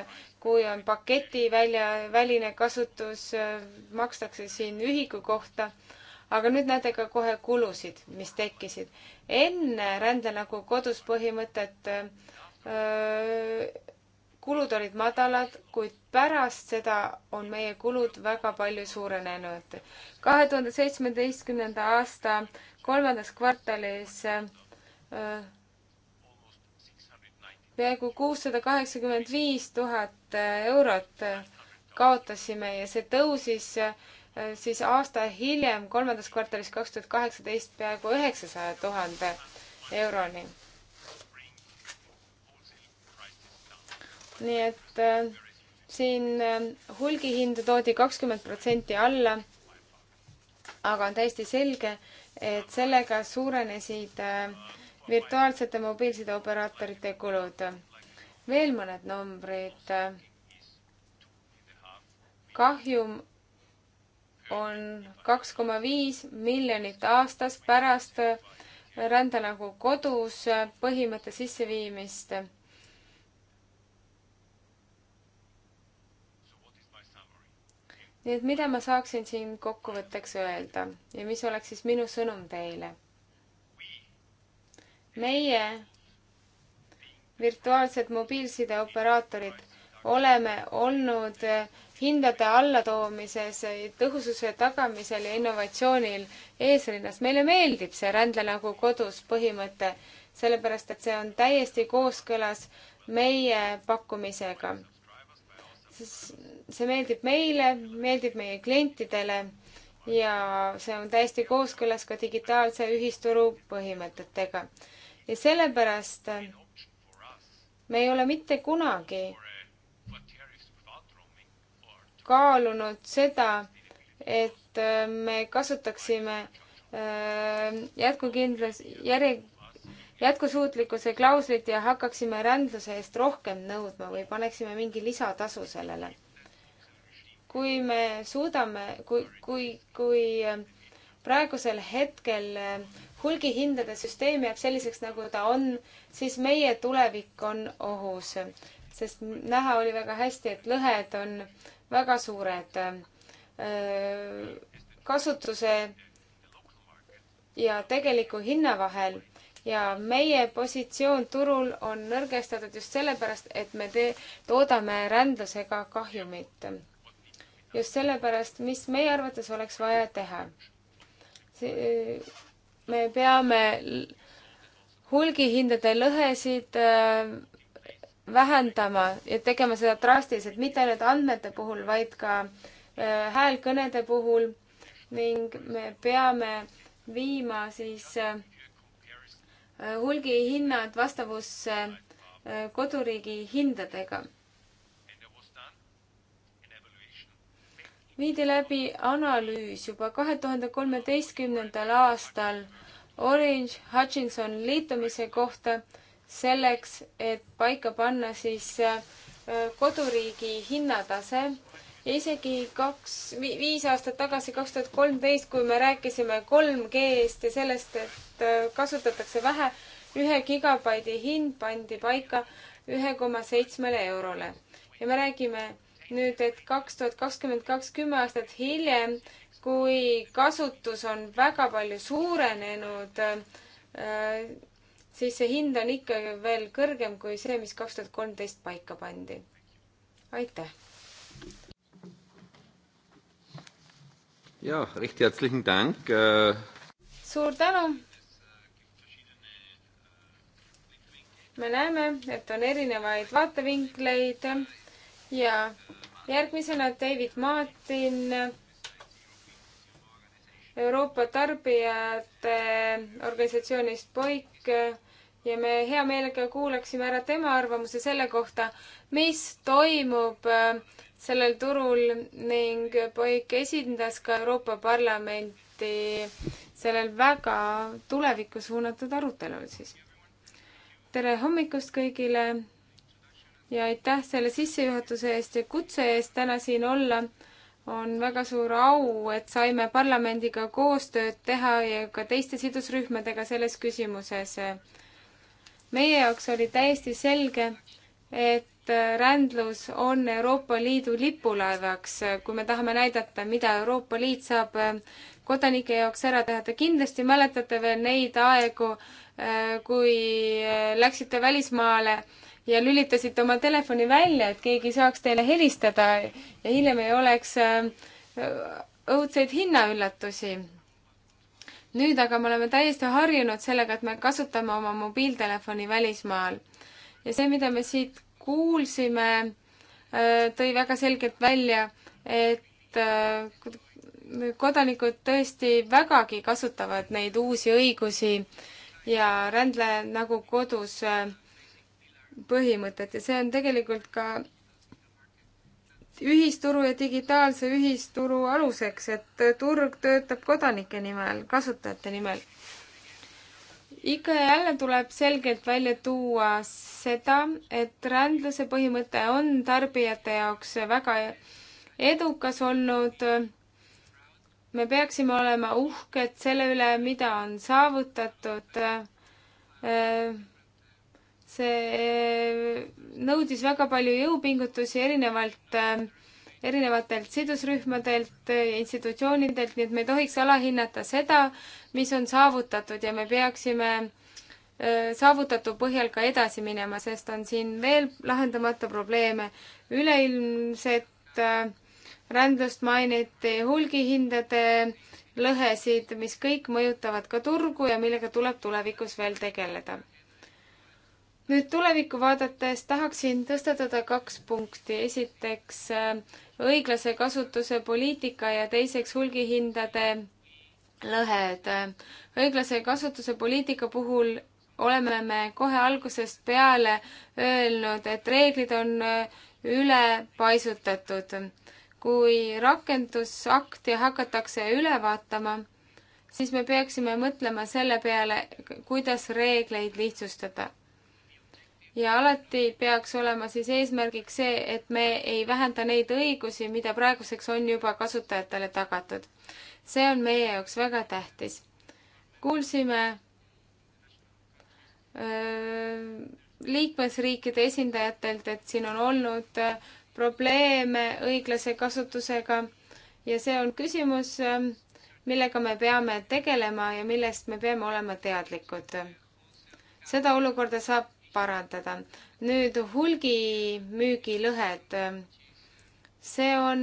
kui on paketi välja, väline kasutus äh,, makstakse siin ühiku kohta äh, aga nüüd näete ka kohe kulusid, mis tekkisid. enne rände nagu kodus põhimõtet öö, kulud olid madalad, kuid pärast seda on meie kulud väga palju suurenenud. kahe tuhande seitsmeteistkümnenda aasta kolmandas kvartalis peaaegu kuussada kaheksakümmend viis tuhat eurot kaotasime ja see tõusis Äh, siis aasta hiljem, kolmandas kvartalis kaks tuhat kaheksateist, peaaegu üheksasaja tuhande euroni. nii et äh, siin äh, hulgihindu toodi kakskümmend protsenti alla, aga on täiesti selge, et sellega suurenesid äh, virtuaalsete mobiilsideoperaatorite kulud. veel mõned numbrid. kahjum on kaks koma viis miljonit aastas pärast rände nagu kodus põhimõtte sisseviimist. nii et mida ma saaksin siin kokkuvõtteks öelda ja mis oleks siis minu sõnum teile? meie virtuaalsed mobiilsideoperaatorid oleme olnud hindade allatoomises, tõhususe tagamisel ja innovatsioonil eesrinnas. meile meeldib see rände nagu kodus põhimõte, sellepärast et see on täiesti kooskõlas meie pakkumisega. see meeldib meile, meeldib meie klientidele ja see on täiesti kooskõlas ka digitaalse ühisturu põhimõtetega. ja sellepärast me ei ole mitte kunagi kaalunud seda, et äh, me kasutaksime äh, jätkukindlus, järje, jätkusuutlikkuse klauslit ja hakkaksime rändluse eest rohkem nõudma või paneksime mingi lisatasu sellele. kui me suudame, kui, kui, kui äh, praegusel hetkel hulgihindade süsteem jääb selliseks, nagu ta on, siis meie tulevik on ohus. sest näha oli väga hästi, et lõhed on väga suured kasutuse ja tegeliku hinna vahel ja meie positsioon turul on nõrgestatud just sellepärast, et me tee-, toodame rändlusega kahjumit. just sellepärast, mis meie arvates oleks vaja teha. me peame hulgihindade lõhesid vähendama ja tegema seda drastiliselt, mitte ainult andmete puhul, vaid ka äh, häälkõnede puhul ning me peame viima siis äh, hulgihinnad vastavusse äh, koduriigi hindadega. viidi läbi analüüs juba kahe tuhande kolmeteistkümnendal aastal Orange Hutchinson liitumise kohta selleks, et paika panna siis äh, koduriigi hinnatase ja isegi kaks, viis aastat tagasi, kaks tuhat kolmteist, kui me rääkisime 3G-st ja sellest, et äh, kasutatakse vähe, ühe gigabaidi hind pandi paika ühe koma seitsmele eurole. ja me räägime nüüd, et kaks tuhat kakskümmend kaks, kümme aastat hiljem, kui kasutus on väga palju suurenenud äh,, siis see hind on ikkagi veel kõrgem kui see, mis kaks tuhat kolmteist paika pandi. aitäh! jaa, recht herzlichen Dank äh.... suur tänu. me näeme, et on erinevaid vaatevinkleid ja järgmisena David Martin, Euroopa Tarbijate Organisatsioonist Boik ja me hea meelega kuulaksime ära tema arvamuse selle kohta, mis toimub äh, sellel turul ning Poik esindas ka Euroopa Parlamenti sellel väga tulevikku suunatud arutelul siis. tere hommikust kõigile ja aitäh selle sissejuhatuse eest ja kutse eest täna siin olla on väga suur au, et saime parlamendiga koostööd teha ja ka teiste sidusrühmadega selles küsimuses meie jaoks oli täiesti selge, et äh, rändlus on Euroopa Liidu lipulaevaks, äh, kui me tahame näidata, mida Euroopa Liit saab äh, kodanike jaoks ära teha. Te kindlasti mäletate veel neid aegu, kui läksite välismaale ja lülitasite oma telefoni välja, et keegi saaks teile helistada ja hiljem ei oleks õudseid hinnaüllatusi nüüd aga me oleme täiesti harjunud sellega, et me kasutame oma mobiiltelefoni välismaal. ja see, mida me siit kuulsime, äh, tõi väga selgelt välja, et äh, kodanikud tõesti vägagi kasutavad neid uusi õigusi ja rändle nagu kodus äh, põhimõtet ja see on tegelikult ka ühisturu ja digitaalse ühisturu aluseks, et turg töötab kodanike nimel, kasutajate nimel. ikka ja jälle tuleb selgelt välja tuua seda, et rändluse põhimõte on tarbijate jaoks väga edukas olnud. me peaksime olema uhked selle üle, mida on saavutatud äh, see eh, nõudis väga palju jõupingutusi erinevalt, eh, erinevatelt sidusrühmadelt, institutsioonidelt, nii et me ei tohiks alahinnata seda, mis on saavutatud ja me peaksime eh, saavutatu põhjal ka edasi minema, sest on siin veel lahendamata probleeme. üleilmset rändlust mainiti, hulgihindade lõhesid, mis kõik mõjutavad ka turgu ja millega tuleb tulevikus veel tegeleda nüüd tulevikku vaadates tahaksin tõstatada kaks punkti. esiteks äh, õiglase kasutuse poliitika ja teiseks hulgihindade lõhed. õiglase kasutuse poliitika puhul oleme me kohe algusest peale öelnud, et reeglid on äh, üle paisutatud. kui rakendusakti hakatakse üle vaatama, siis me peaksime mõtlema selle peale, kuidas reegleid lihtsustada ja alati peaks olema siis eesmärgiks see, et me ei vähenda neid õigusi, mida praeguseks on juba kasutajatele tagatud. see on meie jaoks väga tähtis. kuulsime öö, liikmesriikide esindajatelt, et siin on olnud probleeme õiglase kasutusega ja see on küsimus, millega me peame tegelema ja millest me peame olema teadlikud. seda olukorda saab parandada. nüüd hulgimüügilõhed. see on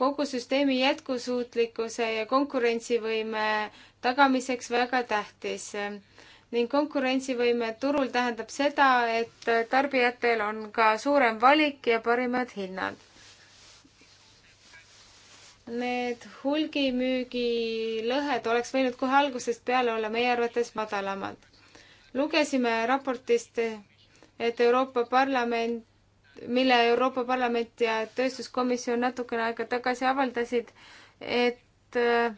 kogu süsteemi jätkusuutlikkuse ja konkurentsivõime tagamiseks väga tähtis ning konkurentsivõime turul tähendab seda, et tarbijatel on ka suurem valik ja parimad hinnad. Need hulgimüügilõhed oleks võinud kohe algusest peale olla meie arvates madalamad lugesime raportist, et Euroopa Parlament, mille Euroopa Parlament ja tööstuskomisjon natukene aega tagasi avaldasid, et äh,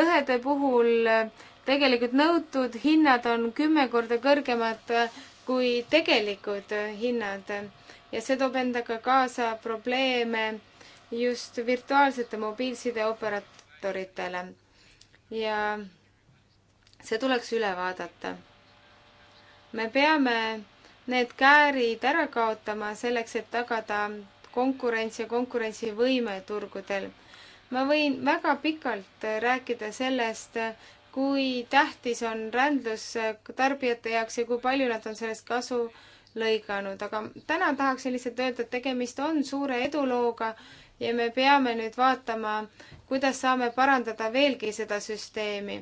lõhede puhul tegelikult nõutud hinnad on kümme korda kõrgemad kui tegelikud hinnad ja see toob endaga kaasa probleeme just virtuaalsete mobiilsideoperaatoritele ja see tuleks üle vaadata. me peame need käärid ära kaotama selleks, et tagada konkurents ja konkurentsivõime turgudel. ma võin väga pikalt rääkida sellest, kui tähtis on rändlus tarbijate jaoks ja kui palju nad on sellest kasu lõiganud, aga täna tahaksin lihtsalt öelda, et tegemist on suure edulooga ja me peame nüüd vaatama, kuidas saame parandada veelgi seda süsteemi.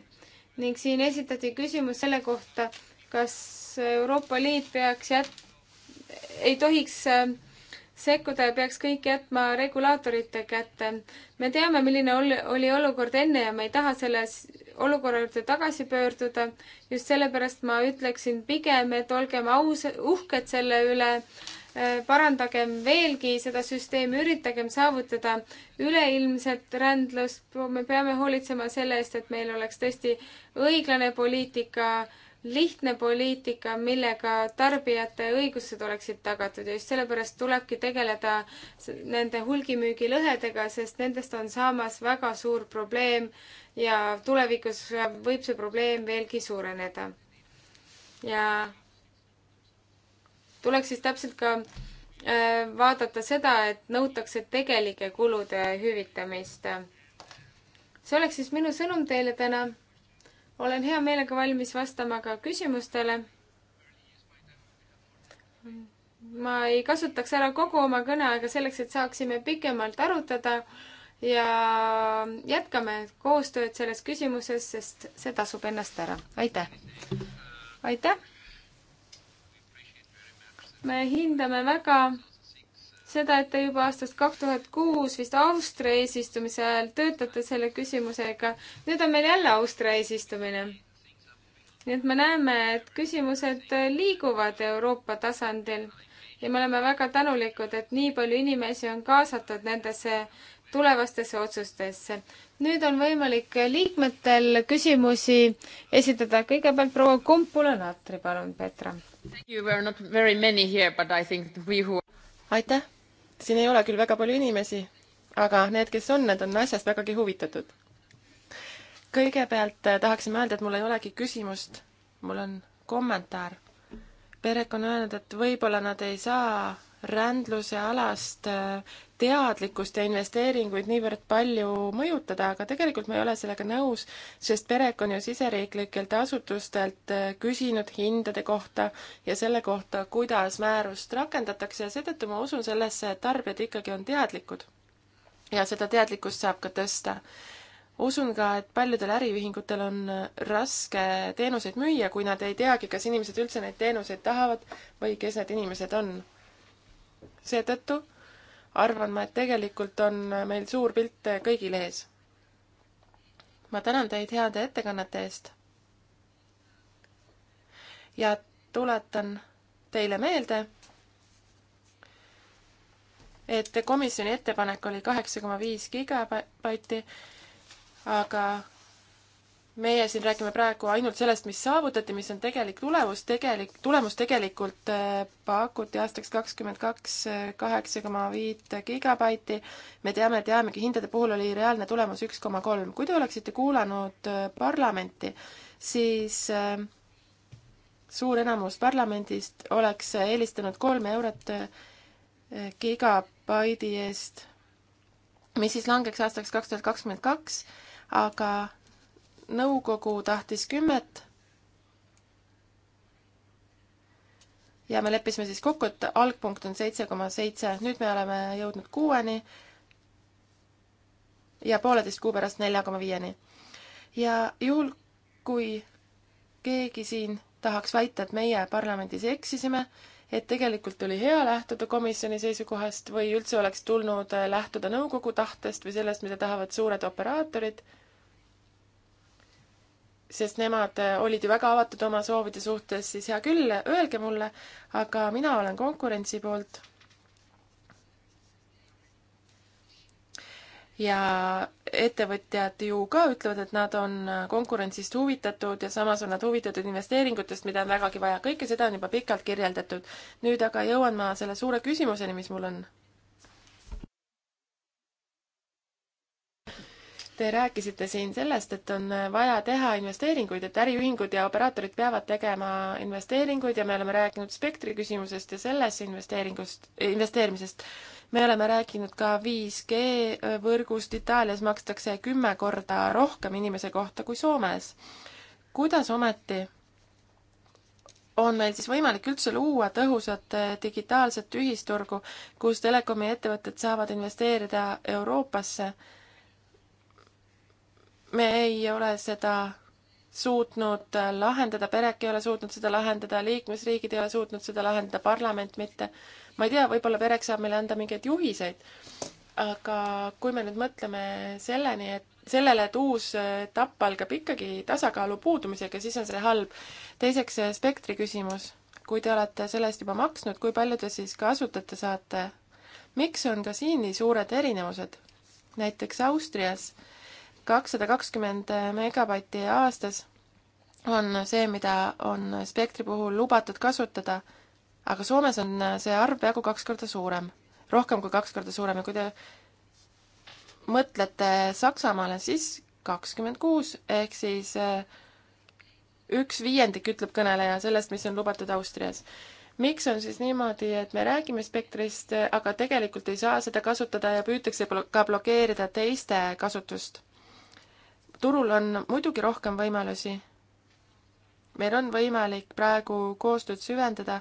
ning siin esitati küsimus selle kohta, kas Euroopa Liit peaks jät-, ei tohiks äh, sekkuda ja peaks kõik jätma regulaatorite kätte. me teame, milline oli, oli olukord enne ja me ei taha selles olukorra juurde tagasi pöörduda. just sellepärast ma ütleksin pigem, et olgem aus, uhked selle üle Äh, parandagem veelgi seda süsteemi, üritagem saavutada üleilmset rändlust, me peame hoolitsema selle eest, et meil oleks tõesti õiglane poliitika, lihtne poliitika, millega tarbijate õigused oleksid tagatud ja just sellepärast tulebki tegeleda nende hulgimüügilõhedega, sest nendest on saamas väga suur probleem ja tulevikus võib see probleem veelgi suureneda. ja tuleks siis täpselt ka äh, vaadata seda, et nõutakse tegelike kulude hüvitamist. see oleks siis minu sõnum teile täna. olen hea meelega valmis vastama ka küsimustele. ma ei kasutaks ära kogu oma kõneaega selleks, et saaksime pikemalt arutada ja jätkame koostööd selles küsimuses, sest see tasub ennast ära. aitäh! aitäh! me hindame väga seda, et te juba aastast kaks tuhat kuus vist Austria eesistumise ajal töötate selle küsimusega. nüüd on meil jälle Austria eesistumine. nii et me näeme, et küsimused liiguvad Euroopa tasandil ja me oleme väga tänulikud, et nii palju inimesi on kaasatud nendesse tulevastesse otsustesse. nüüd on võimalik liikmetel küsimusi esitada. kõigepealt proua Kumpula-Natri, palun, Petra aitäh, siin ei ole küll väga palju inimesi, aga need, kes on, need on asjast vägagi huvitatud. kõigepealt eh, tahaksin öelda, et mul ei olegi küsimust, mul on kommentaar. Perek on öelnud, et võib-olla nad ei saa rändluse alast eh, teadlikkust ja investeeringuid niivõrd palju mõjutada, aga tegelikult ma ei ole sellega nõus, sest PEREK on ju siseriiklikelt asutustelt äh, küsinud hindade kohta ja selle kohta, kuidas määrust rakendatakse ja seetõttu ma usun sellesse, et tarbijad ikkagi on teadlikud. ja seda teadlikkust saab ka tõsta. usun ka, et paljudel äriühingutel on äh, raske teenuseid müüa, kui nad ei teagi, kas inimesed üldse neid teenuseid tahavad või kes need inimesed on. seetõttu arvan ma, et tegelikult on meil suur pilt kõigil ees. ma tänan teid heade ettekannete eest. ja tuletan teile meelde, et komisjoni ettepanek oli kaheksa koma viis gigabaiti, aga meie siin räägime praegu ainult sellest, mis saavutati, mis on tegelik tulemus, tegelik, tulemus tegelikult äh, pakuti aastaks kakskümmend kaks äh, kaheksa koma viit gigabaiti. me teame, et jäämegi hindade puhul oli reaalne tulemus üks koma kolm. kui te oleksite kuulanud äh, parlamenti, siis suur enamus parlamendist oleks eelistanud kolme eurot gigabaidi eest, mis siis langeks aastaks kaks tuhat kakskümmend kaks, aga nõukogu tahtis kümmet. ja me leppisime siis kokku, et algpunkt on seitse koma seitse, nüüd me oleme jõudnud kuueni ja pooleteist kuu pärast nelja koma viieni. ja juhul, kui keegi siin tahaks väita, et meie parlamendis eksisime, et tegelikult oli hea lähtuda komisjoni seisukohast või üldse oleks tulnud lähtuda nõukogu tahtest või sellest, mida tahavad suured operaatorid sest nemad äh, olid ju väga avatud oma soovide suhtes, siis hea küll, öelge mulle, aga mina olen konkurentsi poolt. ja ettevõtjad ju ka ütlevad, et nad on konkurentsist huvitatud ja samas on nad huvitatud investeeringutest, mida on vägagi vaja. kõike seda on juba pikalt kirjeldatud. nüüd aga jõuan ma selle suure küsimuseni, mis mul on Te rääkisite siin sellest, et on vaja teha investeeringuid, et äriühingud ja operaatorid peavad tegema investeeringuid ja me oleme rääkinud spektri küsimusest ja sellesse investeeringust, investeerimisest. me oleme rääkinud ka 5G võrgust, Itaalias makstakse kümme korda rohkem inimese kohta kui Soomes. kuidas ometi on meil siis võimalik üldse luua tõhusat digitaalset ühisturgu, kus telekomi ettevõtted saavad investeerida Euroopasse me ei ole seda suutnud lahendada, PEREK ei ole suutnud seda lahendada, liikmesriigid ei ole suutnud seda lahendada, parlament mitte. ma ei tea, võib-olla PEREK saab meile anda mingeid juhiseid, aga kui me nüüd mõtleme selleni, et sellele, et uus etapp algab ikkagi tasakaalu puudumisega, siis on see halb. teiseks, spektri küsimus. kui te olete selle eest juba maksnud, kui palju te siis kasutada saate? miks on ka siin nii suured erinevused? näiteks Austrias äh, kakssada kakskümmend megavatti aastas on see, mida on spektri puhul lubatud kasutada, aga Soomes on see arv peaaegu kaks korda suurem, rohkem kui kaks korda suurem ja kui te mõtlete Saksamaale, siis kakskümmend kuus ehk siis eh, üks viiendik, ütleb kõneleja, sellest, mis on lubatud Austrias miks on siis niimoodi, et me räägime spektrist, aga tegelikult ei saa seda kasutada ja püütakse ka blokeerida teiste kasutust? turul on muidugi rohkem võimalusi. meil on võimalik praegu koostööd süvendada,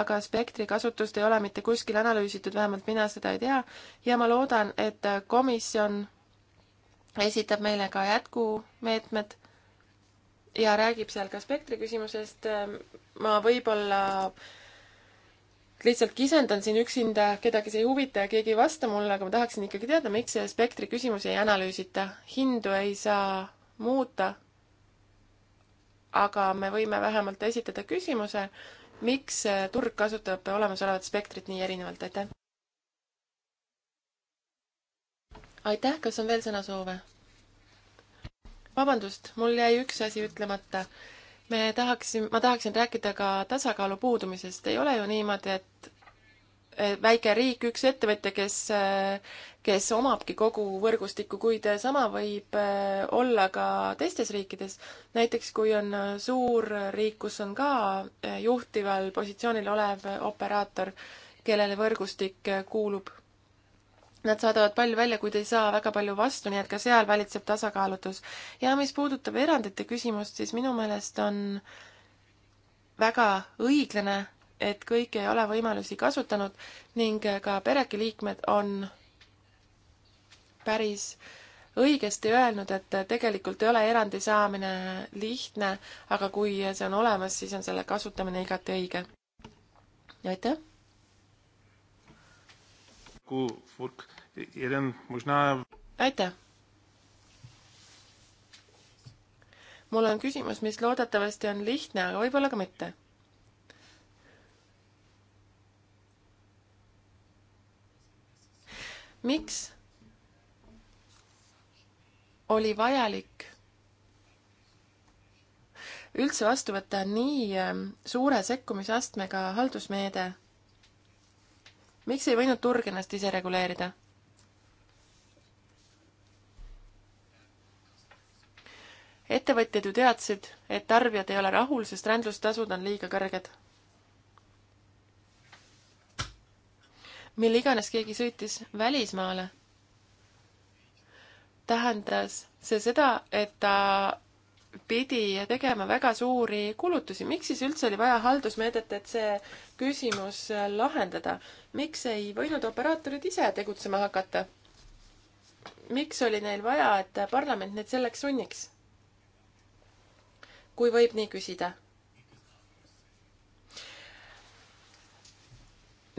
aga spektri kasutust ei ole mitte kuskil analüüsitud, vähemalt mina seda ei tea, ja ma loodan, et komisjon esitab meile ka jätkumeetmed ja räägib seal ka spektri küsimusest. ma võib-olla äh, lihtsalt kisendan siin üksinda, kedagi see ei huvita ja keegi ei vasta mulle, aga ma tahaksin ikkagi teada, miks see spektri küsimusi ei analüüsita. hindu ei saa muuta. aga me võime vähemalt esitada küsimuse, miks turg kasutab olemasolevat spektrit nii erinevalt, aitäh! aitäh, kas on veel sõnasoove? vabandust, mul jäi üks asi ütlemata me tahaksin, ma tahaksin rääkida ka tasakaalu puudumisest, ei ole ju niimoodi, et väike riik, üks ettevõtja, kes, kes omabki kogu võrgustikku, kuid sama võib äh, olla ka teistes riikides. näiteks kui on suur riik, kus on ka äh, juhtival positsioonil olev operaator, kellele võrgustik äh, kuulub Nad saadavad palju välja, kuid ei saa väga palju vastu, nii et ka seal valitseb tasakaalutus. ja mis puudutab erandite küsimust, siis minu meelest on väga õiglane, et kõik ei ole võimalusi kasutanud ning ka pereke liikmed on päris õigesti öelnud, et tegelikult ei ole erandi saamine lihtne, aga kui see on olemas, siis on selle kasutamine igati õige. aitäh! Furk aitäh! mul on küsimus, mis loodetavasti on lihtne, aga võib-olla ka mitte. miks oli vajalik üldse vastu võtta nii ähm, suure sekkumisastmega haldusmeede? miks ei võinud turg ennast ise reguleerida? ettevõtjad ju teadsid, et tarbijad ei ole rahul, sest rändlustasud on liiga kõrged. mille iganes keegi sõitis välismaale, tähendas see seda, et ta pidi tegema väga suuri kulutusi. miks siis üldse oli vaja haldusmeedet, et see küsimus lahendada? miks ei võinud operaatorid ise tegutsema hakata? miks oli neil vaja, et parlament neid selleks sunniks? kui võib nii küsida.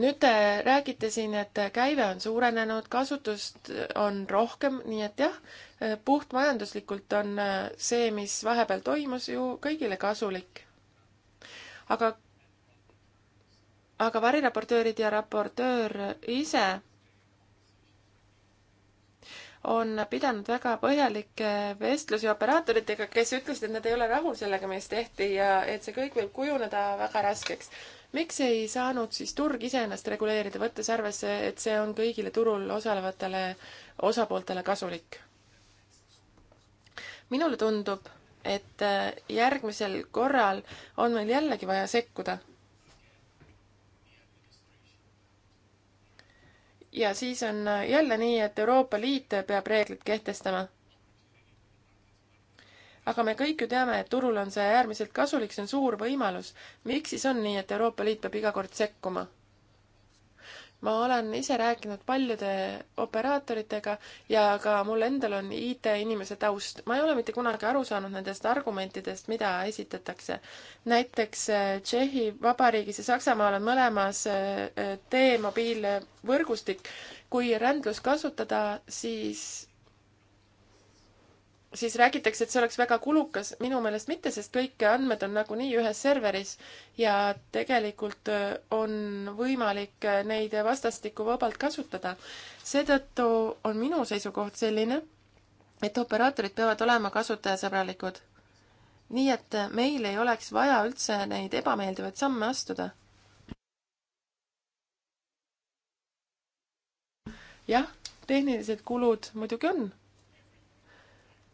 nüüd te räägite siin, et käive on suurenenud, kasutust on rohkem, nii et jah, puhtmajanduslikult on see, mis vahepeal toimus, ju kõigile kasulik. aga, aga variraportöörid ja raportöör ise on pidanud väga põhjalikke vestlusi operaatoritega, kes ütlesid, et nad ei ole rahul sellega, mis tehti ja et see kõik võib kujuneda väga raskeks. miks ei saanud siis turg iseennast reguleerida, võttes arvesse, et see on kõigile turul osalevatele osapooltele kasulik? minule tundub, et järgmisel korral on meil jällegi vaja sekkuda ja siis on jälle nii, et Euroopa Liit peab reeglid kehtestama. aga me kõik ju teame, et turul on see äärmiselt kasulik, see on suur võimalus. miks siis on nii, et Euroopa Liit peab iga kord sekkuma? ma olen ise rääkinud paljude operaatoritega ja ka mul endal on IT-inimese taust. ma ei ole mitte kunagi aru saanud nendest argumentidest, mida esitatakse. näiteks äh, Tšehhi Vabariigis ja Saksamaal on mõlemas äh, äh, T-mobiilvõrgustik. kui rändlust kasutada, siis siis räägitakse, et see oleks väga kulukas. minu meelest mitte, sest kõik andmed on nagunii ühes serveris ja tegelikult äh, on võimalik äh, neid vastastikku vabalt kasutada. seetõttu on minu seisukoht selline, et operaatorid peavad olema kasutajasõbralikud. nii et äh, meil ei oleks vaja üldse neid ebameeldivaid samme astuda. jah, tehnilised kulud muidugi on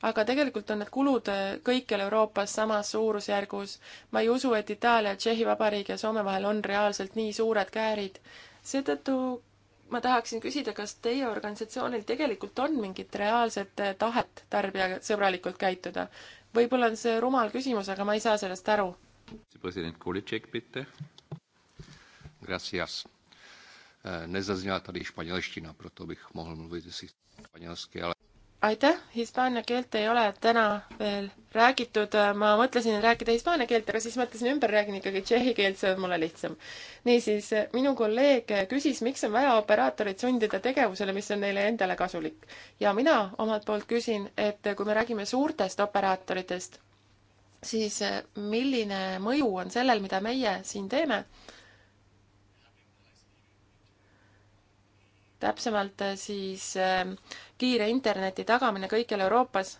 aga tegelikult on need kulud äh, kõikjal Euroopas samas suurusjärgus. ma ei usu, et Itaalia, Tšehhi Vabariigi ja Soome vahel on reaalselt nii suured käärid. seetõttu ma tahaksin küsida, kas teie organisatsioonil tegelikult on mingit reaalset äh, tahet tarbijasõbralikult käituda? võib-olla on see rumal küsimus, aga ma ei saa sellest aru. president Kulitšek, bitte. Gracias. Äh, Nezazněla tady španělština, proto bych mohl mluvit asi španělsky, ale aitäh, hispaania keelt ei ole täna veel räägitud, ma mõtlesin rääkida hispaania keelt, aga siis mõtlesin ümber, räägin ikkagi tšehhi keelt, see on mulle lihtsam. niisiis, minu kolleeg küsis, miks on vaja operaatoreid sundida tegevusele, mis on neile endale kasulik. ja mina omalt poolt küsin, et kui me räägime suurtest operaatoritest, siis milline mõju on sellel, mida meie siin teeme täpsemalt äh, siis ähm, kiire interneti tagamine kõikjal Euroopas.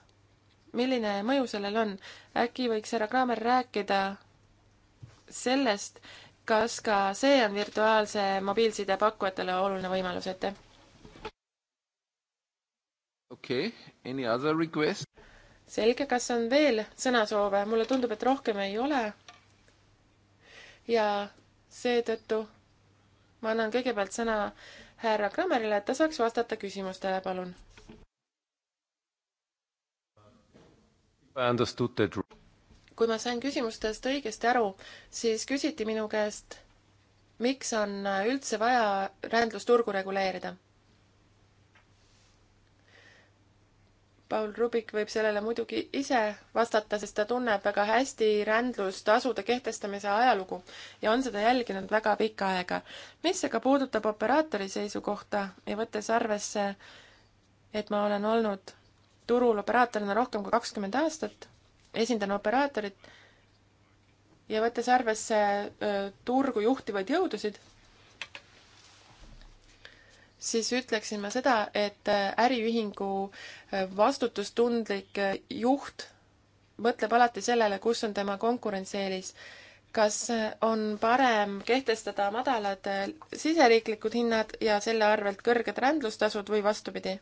milline mõju sellel on? äkki võiks härra Kramer rääkida sellest, kas ka see on virtuaalse mobiilside pakkujatele oluline võimalus, aitäh! okei okay., any other request? selge, kas on veel sõnasoove? mulle tundub, et rohkem ei ole. ja seetõttu ma annan kõigepealt sõna härra Krammerile, et ta saaks vastata küsimustele, palun. kui ma sain küsimustest õigesti aru, siis küsiti minu käest, miks on üldse vaja rändlusturgu reguleerida Paul Rubik võib sellele muidugi ise vastata, sest ta tunneb väga hästi rändlustasude kehtestamise ajalugu ja on seda jälginud väga pikka aega. mis aga puudutab operaatori seisukohta ja võttes arvesse, et ma olen olnud turul operaatorina rohkem kui kakskümmend aastat, esindan operaatorit ja võttes arvesse öö, äh, turgu juhtivaid jõudusid siis ütleksin ma seda, et äh, äriühingu äh, vastutustundlik äh, juht mõtleb alati sellele, kus on tema konkurentsieelis. kas on parem kehtestada madalad siseriiklikud hinnad ja selle arvelt kõrged rändlustasud või vastupidi?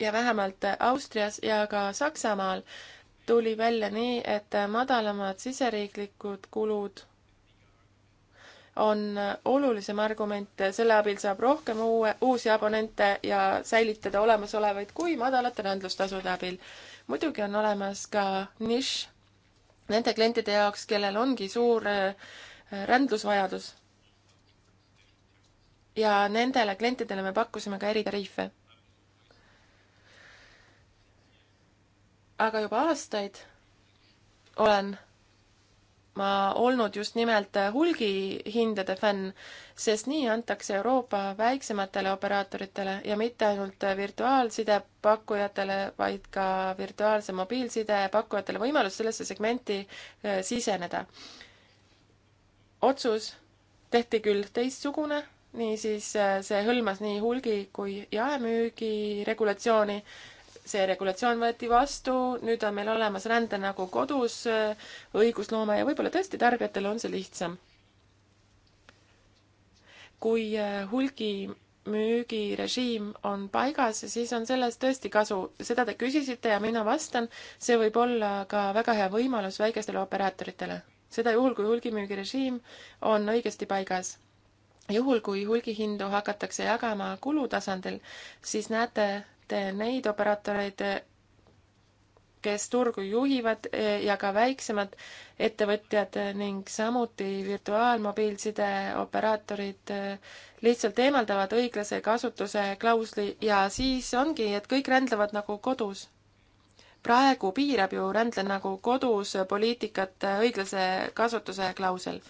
ja vähemalt Austrias ja ka Saksamaal tuli välja nii, et madalamad siseriiklikud kulud on olulisem argument, selle abil saab rohkem uue, uusi abonente ja säilitada olemasolevaid kui madalate rändlustasude abil. muidugi on olemas ka nišš nende klientide jaoks, kellel ongi suur äh, rändlusvajadus. ja nendele klientidele me pakkusime ka eritariife. aga juba aastaid olen ma olnud just nimelt hulgihindade fänn, sest nii antakse Euroopa väiksematele operaatoritele ja mitte ainult virtuaalside pakkujatele, vaid ka virtuaalse mobiilside pakkujatele võimalus sellesse segmenti äh, siseneda. otsus tehti küll teistsugune, niisiis äh, see hõlmas nii hulgi kui jaemüügi regulatsiooni see regulatsioon võeti vastu, nüüd on meil olemas rände nagu kodus äh, õigusloome ja võib-olla tõesti tarbijatel on see lihtsam. kui äh, hulgimüügirežiim on paigas, siis on sellest tõesti kasu, seda te küsisite ja mina vastan, see võib olla ka väga hea võimalus väikestele operaatoritele. seda juhul, kui hulgimüügirežiim on õigesti paigas juhul, kui hulgihindu hakatakse jagama kulutasandil, siis näete mitte neid operaatoreid, kes turgu juhivad e, ja ka väiksemad ettevõtjad ning samuti virtuaalmobiilside operaatorid e, lihtsalt eemaldavad õiglase kasutuse klausli ja siis ongi, et kõik rändlevad nagu kodus. praegu piirab ju rändle nagu kodus poliitikat õiglase kasutuse klausel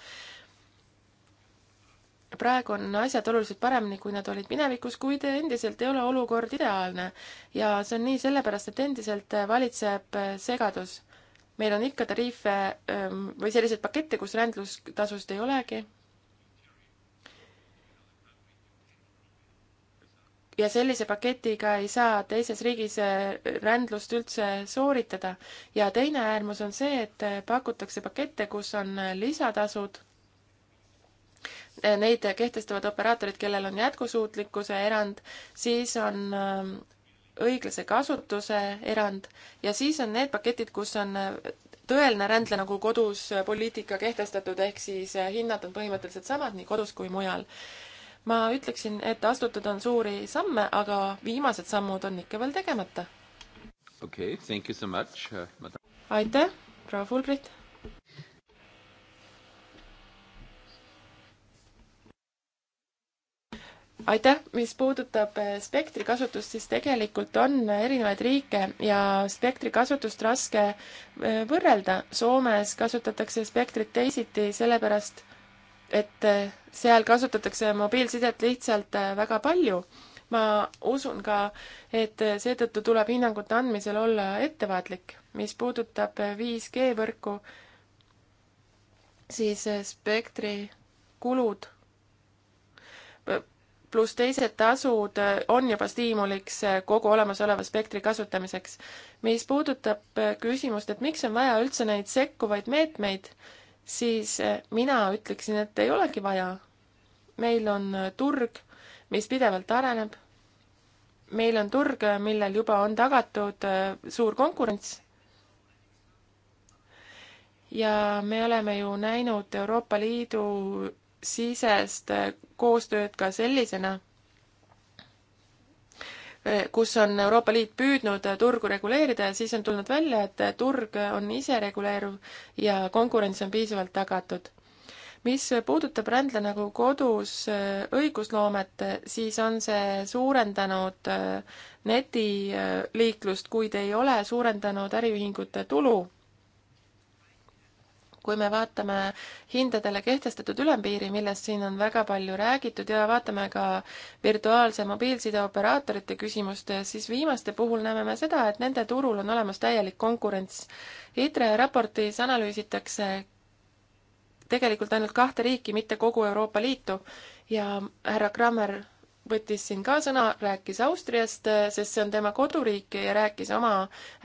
praegu on asjad oluliselt paremini, kui nad olid minevikus, kuid endiselt ei ole olukord ideaalne. ja see on nii sellepärast, et endiselt valitseb segadus. meil on ikka tariife või selliseid pakette, kus rändlustasust ei olegi. ja sellise paketiga ei saa teises riigis rändlust üldse sooritada. ja teine äärmus on see, et pakutakse pakette, kus on lisatasud neid kehtestavad operaatorid, kellel on jätkusuutlikkuse erand, siis on ähm, õiglase kasutuse erand ja siis on need paketid, kus on äh, tõeline rändle nagu kodus äh, poliitika kehtestatud, ehk siis äh, hinnad on põhimõtteliselt samad nii kodus kui mujal. ma ütleksin, et astutud on suuri samme, aga viimased sammud on ikka veel tegemata. okei okay,, thank you so much uh,, madam. aitäh, proua Fulbrit aitäh, mis puudutab eh, spektri kasutust, siis tegelikult on erinevaid riike ja spektri kasutust raske eh, võrrelda. Soomes kasutatakse spektrit teisiti, sellepärast et eh, seal kasutatakse mobiilsidet lihtsalt väga palju. ma usun ka, et seetõttu tuleb hinnangute andmisel olla ettevaatlik. mis puudutab 5G võrku, siis spektri kulud pluss teised tasud äh, on juba stiimuliks äh, kogu olemasoleva spektri kasutamiseks. mis puudutab äh, küsimust, et miks on vaja üldse neid sekkuvaid meetmeid, siis mina ütleksin, et ei olegi vaja. meil on turg, mis pidevalt areneb. meil on turg, millel juba on tagatud suur konkurents. ja me oleme ju näinud Euroopa Liidu sisest äh, koostööd ka sellisena, äh, kus on Euroopa Liit püüdnud äh, turgu reguleerida ja siis on tulnud välja, et turg on isereguleeruv ja konkurents on piisavalt tagatud. mis puudutab rändle nagu kodus õigusloomet, siis on see suurendanud netiliiklust, kuid ei ole suurendanud äriühingute tulu kui me vaatame hindadele kehtestatud ülempiiri, millest siin on väga palju räägitud ja vaatame ka virtuaalse mobiilsideoperaatorite küsimust, siis viimaste puhul näeme me seda, et nende turul on olemas täielik konkurents. ITRE raportis analüüsitakse tegelikult ainult kahte riiki, mitte kogu Euroopa Liitu ja härra Krammer võttis siin ka sõna, rääkis Austriast, sest see on tema koduriik ja rääkis oma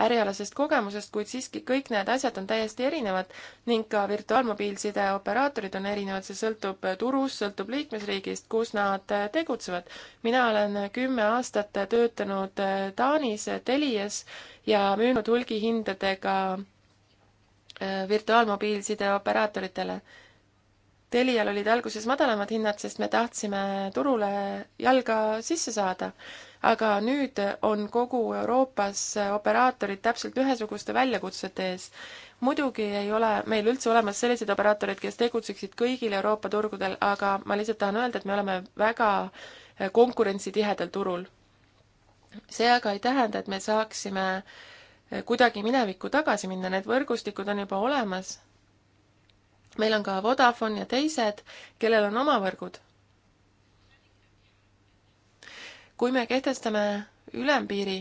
ärialasest kogemusest, kuid siiski kõik need asjad on täiesti erinevad ning ka virtuaalmobiilside operaatorid on erinevad, see sõltub turust, sõltub liikmesriigist, kus nad tegutsevad. mina olen kümme aastat töötanud Taanis Telias ja müünud hulgihindadega äh, virtuaalmobiilside operaatoritele Telial olid alguses madalamad hinnad, sest me tahtsime turule jalga sisse saada. aga nüüd on kogu Euroopas operaatorid täpselt ühesuguste väljakutsete ees. muidugi ei ole meil üldse olemas selliseid operaatoreid, kes tegutseksid kõigil Euroopa turgudel, aga ma lihtsalt tahan öelda, et me oleme väga konkurentsitihedal turul. see aga ei tähenda, et me saaksime kuidagi minevikku tagasi minna, need võrgustikud on juba olemas meil on ka Vodafone ja teised, kellel on oma võrgud. kui me kehtestame ülempiiri,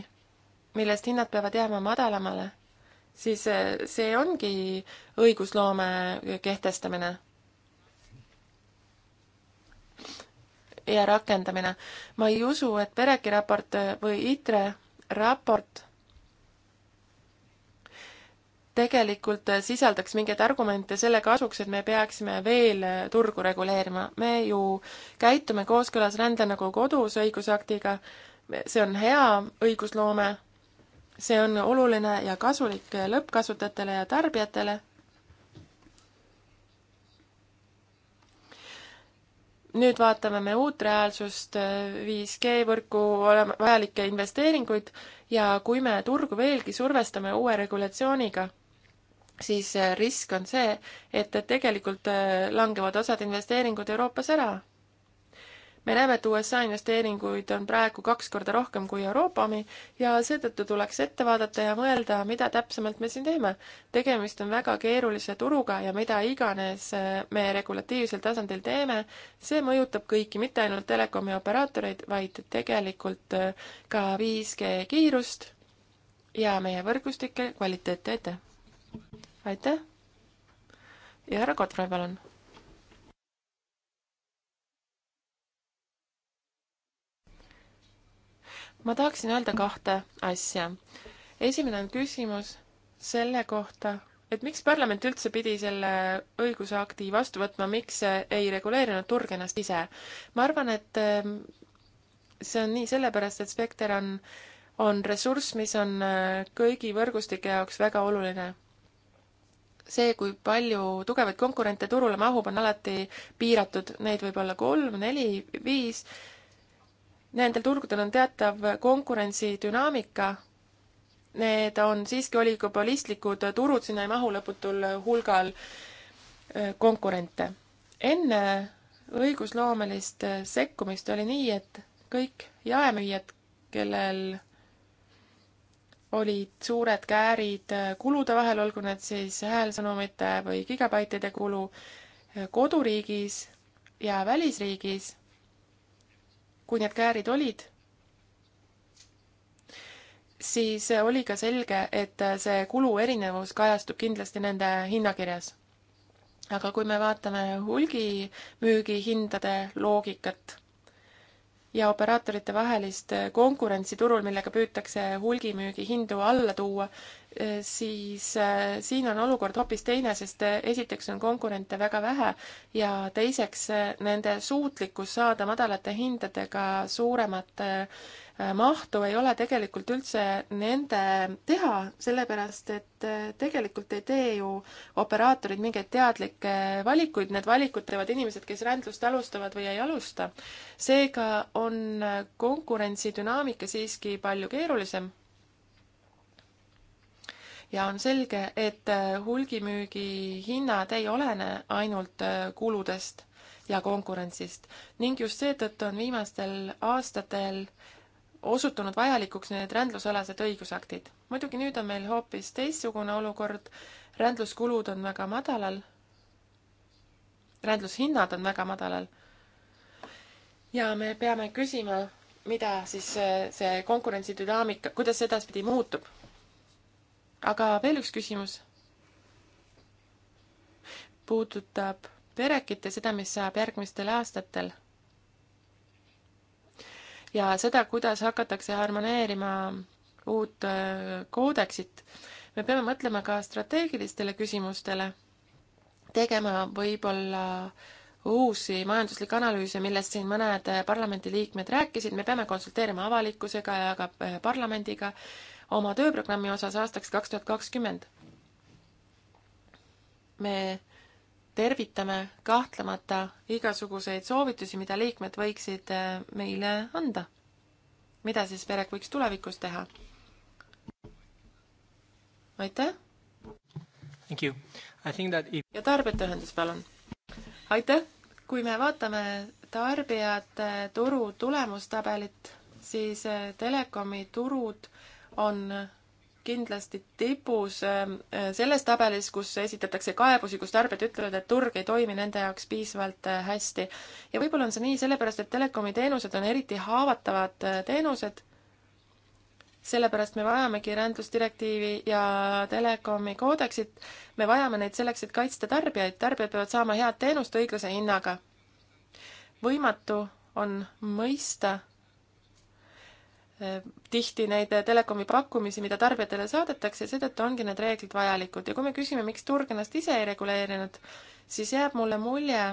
millest hinnad peavad jääma madalamale, siis eh, see ongi õigusloome kehtestamine ja rakendamine. ma ei usu, et Pereki raport või ITRE raport tegelikult sisaldaks mingeid argumente selle kasuks, et me peaksime veel turgu reguleerima. me ju käitume kooskõlas rändenõukogu kodus õigusaktiga, see on hea õigusloome, see on oluline ja kasulik lõppkasutajatele ja tarbijatele. nüüd vaatame me uut reaalsust, 5G võrku olema vajalikke investeeringuid ja kui me turgu veelgi survestame uue regulatsiooniga siis äh, risk on see, et tegelikult äh, langevad osad investeeringud Euroopas ära. me näeme, et USA investeeringuid on praegu kaks korda rohkem kui Euroopa omi ja seetõttu tuleks ette vaadata ja mõelda, mida täpsemalt me siin teeme. tegemist on väga keerulise turuga ja mida iganes äh, me regulatiivsel tasandil teeme, see mõjutab kõiki, mitte ainult telekomi operaatoreid, vaid tegelikult ka 5G kiirust ja meie võrgustike kvaliteeti, aitäh! aitäh. ja härra Kotroi, palun. ma tahaksin öelda kahte asja. esimene on küsimus selle kohta, et miks parlament üldse pidi selle õigusakti vastu võtma, miks ei reguleerinud turg ennast ise? ma arvan, et ähm, see on nii sellepärast, et Spekter on, on ressurss, mis on äh, kõigi võrgustike jaoks väga oluline see, kui palju tugevaid konkurente turule mahub, on alati piiratud, neid võib olla kolm, neli, viis. Nendel turgudel on teatav konkurentsidünaamika. Need on siiski oligopolistlikud turud, sinna ei mahu lõputul hulgal äh, konkurente. enne õigusloomelist sekkumist oli nii, et kõik jaemüüjad, kellel olid suured käärid kulude vahel, olgu need siis häälsõnumite või gigabaitide kulu koduriigis ja välisriigis, kui need käärid olid, siis oli ka selge, et see kulu erinevus kajastub kindlasti nende hinnakirjas. aga kui me vaatame hulgimüügihindade loogikat ja operaatorite vahelist konkurentsi turul, millega püütakse hulgimüügi hindu alla tuua, eh, siis eh, siin on olukord hoopis teine, sest eh, esiteks on konkurente väga vähe ja teiseks nende suutlikkus saada madalate hindadega suuremat Äh, mahtu ei ole tegelikult üldse nende teha, sellepärast et äh, tegelikult ei tee ju operaatorid mingeid teadlikke valikuid, need valikud teevad inimesed, kes rändlust alustavad või ei alusta. seega on äh, konkurentsi dünaamika siiski palju keerulisem ja on selge, et hulgimüügi hinnad ei olene ainult kuludest ja konkurentsist ning just seetõttu on viimastel aastatel osutunud vajalikuks need rändlusalased õigusaktid. muidugi nüüd on meil hoopis teistsugune olukord, rändluskulud on väga madalal, rändlushinnad on väga madalal ja me peame küsima, mida siis see konkurentsidünaamika, kuidas see edaspidi muutub. aga veel üks küsimus puudutab perekit ja seda, mis saab järgmistel aastatel ja seda, kuidas hakatakse harmoneerima uut äh, koodeksit, me peame mõtlema ka strateegilistele küsimustele, tegema võib-olla uusi majanduslikke analüüse, millest siin mõned äh, parlamendiliikmed rääkisid, me peame konsulteerima avalikkusega ja ka äh, parlamendiga oma tööprogrammi osas aastaks kaks tuhat kakskümmend. me tervitame kahtlemata igasuguseid soovitusi, mida liikmed võiksid äh, meile anda. mida siis perek võiks tulevikus teha? aitäh! If... ja tarbijate ühendus, palun! aitäh! kui me vaatame tarbijate turu tulemustabelit, siis äh, telekomi turud on kindlasti tipus ähm, äh, selles tabelis, kus esitatakse kaebusi, kus tarbijad ütlevad, et turg ei toimi nende jaoks piisavalt äh, hästi. ja võib-olla on see nii sellepärast, et telekomi teenused on eriti haavatavad äh, teenused, sellepärast me vajamegi rändlusdirektiivi ja telekomi koodeksit, me vajame neid selleks, et kaitsta tarbijaid, tarbijad peavad saama head teenust õiglase hinnaga. võimatu on mõista tihti neid telekomi pakkumisi, mida tarbijatele saadetakse, seetõttu ongi need reeglid vajalikud ja kui me küsime, miks turg ennast ise ei reguleerinud, siis jääb mulle mulje,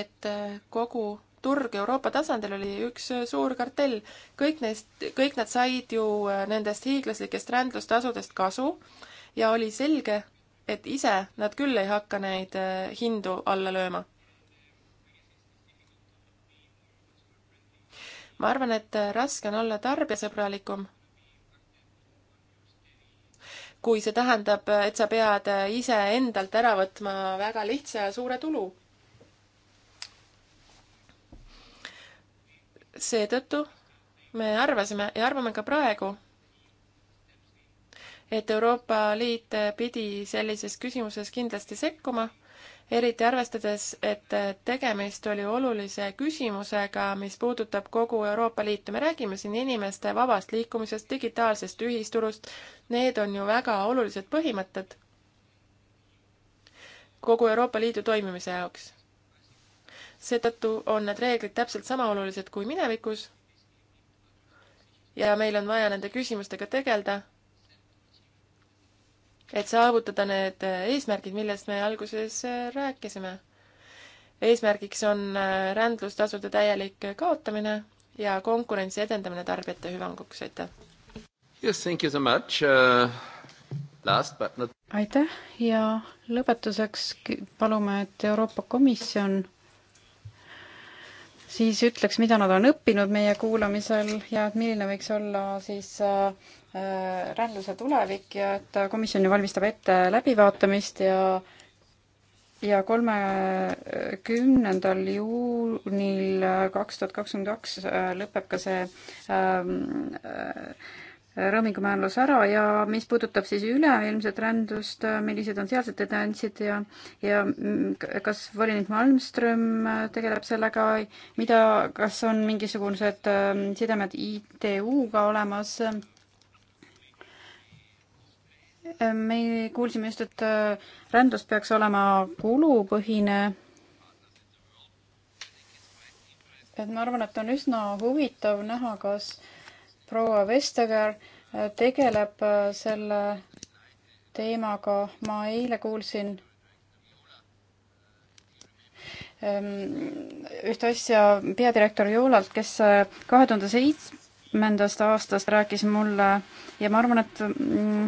et äh, kogu turg Euroopa tasandil oli üks äh, suur kartell. kõik neist, kõik nad said ju äh, nendest hiiglaslikest rändlustasudest kasu ja oli selge, et ise nad küll ei hakka neid hindu alla lööma ma arvan, et äh, raske on olla tarbijasõbralikum, kui see tähendab, äh, et sa pead äh, iseendalt ära võtma väga lihtsa ja suure tulu. seetõttu me arvasime ja arvame ka praegu, et Euroopa Liit pidi sellises küsimuses kindlasti sekkuma eriti arvestades, et tegemist oli olulise küsimusega, mis puudutab kogu Euroopa Liitu. me räägime siin inimeste vabast liikumisest, digitaalsest ühisturust, need on ju väga olulised põhimõtted kogu Euroopa Liidu toimimise jaoks. seetõttu on need reeglid täpselt sama olulised kui minevikus ja meil on vaja nende küsimustega tegeleda et saavutada need eesmärgid, millest me alguses äh, rääkisime. eesmärgiks on äh, rändlustasude täielik kaotamine ja konkurentsi edendamine tarbijate hüvanguks, aitäh! Yes, thank you so much uh,. Last but not aitäh ja lõpetuseks palume, et Euroopa Komisjon siis ütleks, mida nad on õppinud meie kuulamisel ja et milline võiks olla siis uh, Äh, rändluse tulevik ja et komisjon ju valmistab ette läbivaatamist ja ja kolmekümnendal juunil kaks tuhat kakskümmend kaks äh, lõpeb ka see ähm, äh, rõõmingumäärlus ära ja mis puudutab siis üleilmset rändust, millised on sealsed tendentsid ja, ja kas volinik Malmström tegeleb sellega, mida, kas on mingisugused ähm, sidemed ITU-ga olemas? me kuulsime just, et äh, rändus peaks olema kulupõhine. et ma arvan, et on üsna huvitav näha, kas proua Vestager äh, tegeleb äh, selle teemaga. ma eile kuulsin ähm, ühte asja peadirektor Joolalt, kes kahe tuhande seitsmendast aastast rääkis mulle ja ma arvan, et mm,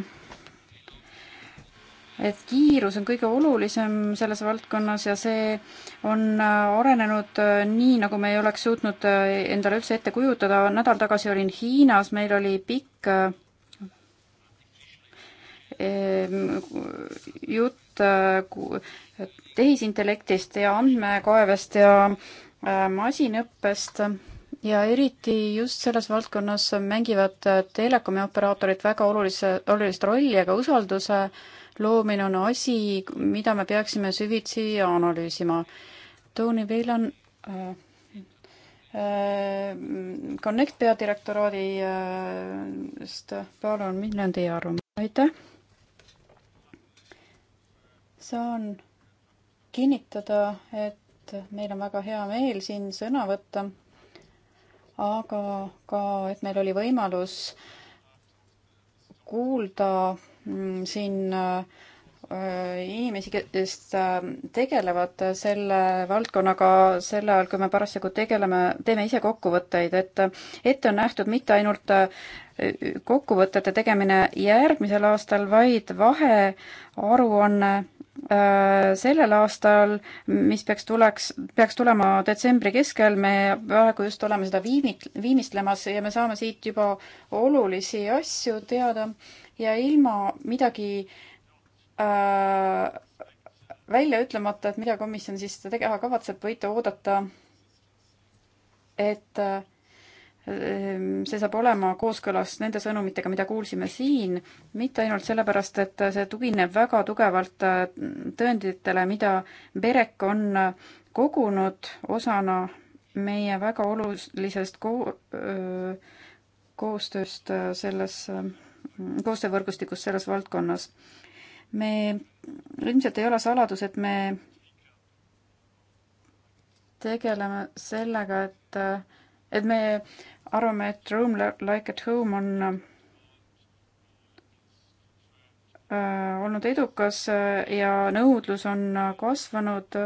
et kiirus on kõige olulisem selles valdkonnas ja see on äh, arenenud äh, nii, nagu me ei oleks suutnud äh, endale üldse ette kujutada. nädal tagasi olin Hiinas, meil oli pikk eh, jutt tehisintellektist ja andmekaevest ja masinõppest ja eriti just selles valdkonnas mängivad telekomi operaatorid väga olulise, olulist rolli, aga usalduse äh, loomine on asi, mida me peaksime süvitsi analüüsima. Tony Villan äh, äh, Connect peadirektoraadist äh,, palun, milline on teie arvamus? aitäh! saan kinnitada, et meil on väga hea meel siin sõna võtta, aga ka, et meil oli võimalus kuulda Mm, siin äh, inimesi, kes äh, tegelevad selle valdkonnaga sel ajal, kui me parasjagu tegeleme, teeme ise kokkuvõtteid, et äh, ette on nähtud mitte ainult kokkuvõtete tegemine järgmisel aastal, vaid vahearuanne sellel aastal, mis peaks tuleks, peaks tulema detsembri keskel, me praegu just oleme seda viimit-, viimistlemas ja me saame siit juba olulisi asju teada ja ilma midagi äh, välja ütlemata, et mida komisjon siis teha kavatseb, võite oodata, et äh, see saab olema kooskõlas nende sõnumitega, mida kuulsime siin, mitte ainult sellepärast, et see tugineb väga tugevalt äh, tõenditele, mida Berek on äh, kogunud osana meie väga olulisest ko-, öö, äh, koostööst selles öö, koostöövõrgustikus selles valdkonnas. me, ilmselt ei ole saladus, et me tegeleme sellega, et, et me arvame, et Room Like at Home on äh, olnud edukas ja nõudlus on kasvanud.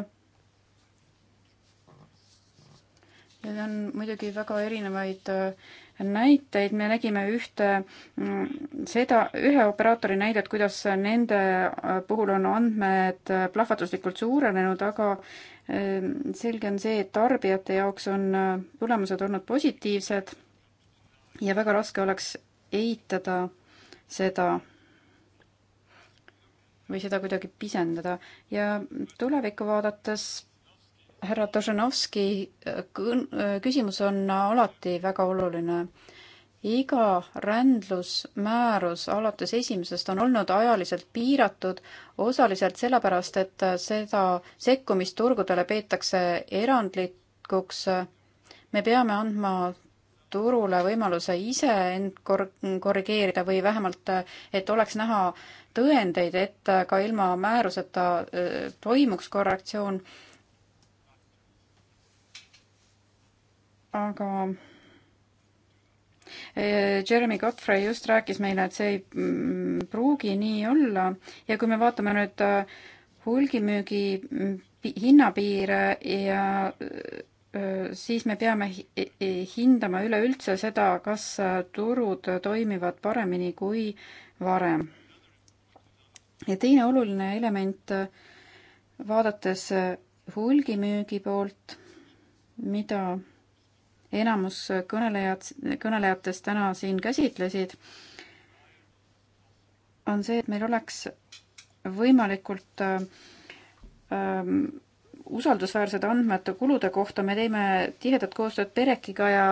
Need on muidugi väga erinevaid äh, näiteid, me nägime ühte mm, seda, ühe operaatori näidet, kuidas nende äh, puhul on andmed äh, plahvatuslikult suurenenud, aga ähm, selge on see, et tarbijate jaoks on äh, tulemused olnud positiivsed ja väga raske oleks eitada seda või seda kuidagi pisendada ja tulevikku vaadates härra Toženovski äh, äh, küsimus on alati väga oluline. iga rändlusmäärus alates esimesest on olnud ajaliselt piiratud, osaliselt sellepärast, et äh, seda sekkumist turgudele peetakse erandlikuks. me peame andma turule võimaluse ise end kor-, korrigeerida või vähemalt, et oleks näha tõendeid, et ka ilma määruseta toimuks korrektsioon aga eh, Jeremy Godfrey just rääkis meile, et see ei mm, pruugi nii olla ja kui me vaatame nüüd äh, hulgimüügi mm, hinnapiire ja äh, siis me peame hindama üleüldse seda, kas äh, turud toimivad paremini kui varem. ja teine oluline element, vaadates hulgimüügi poolt, mida enamus kõnelejad, kõnelejatest täna siin käsitlesid, on see, et meil oleks võimalikult ähm, usaldusväärsed andmed kulude kohta, me teeme tihedat koostööd Perekiga ja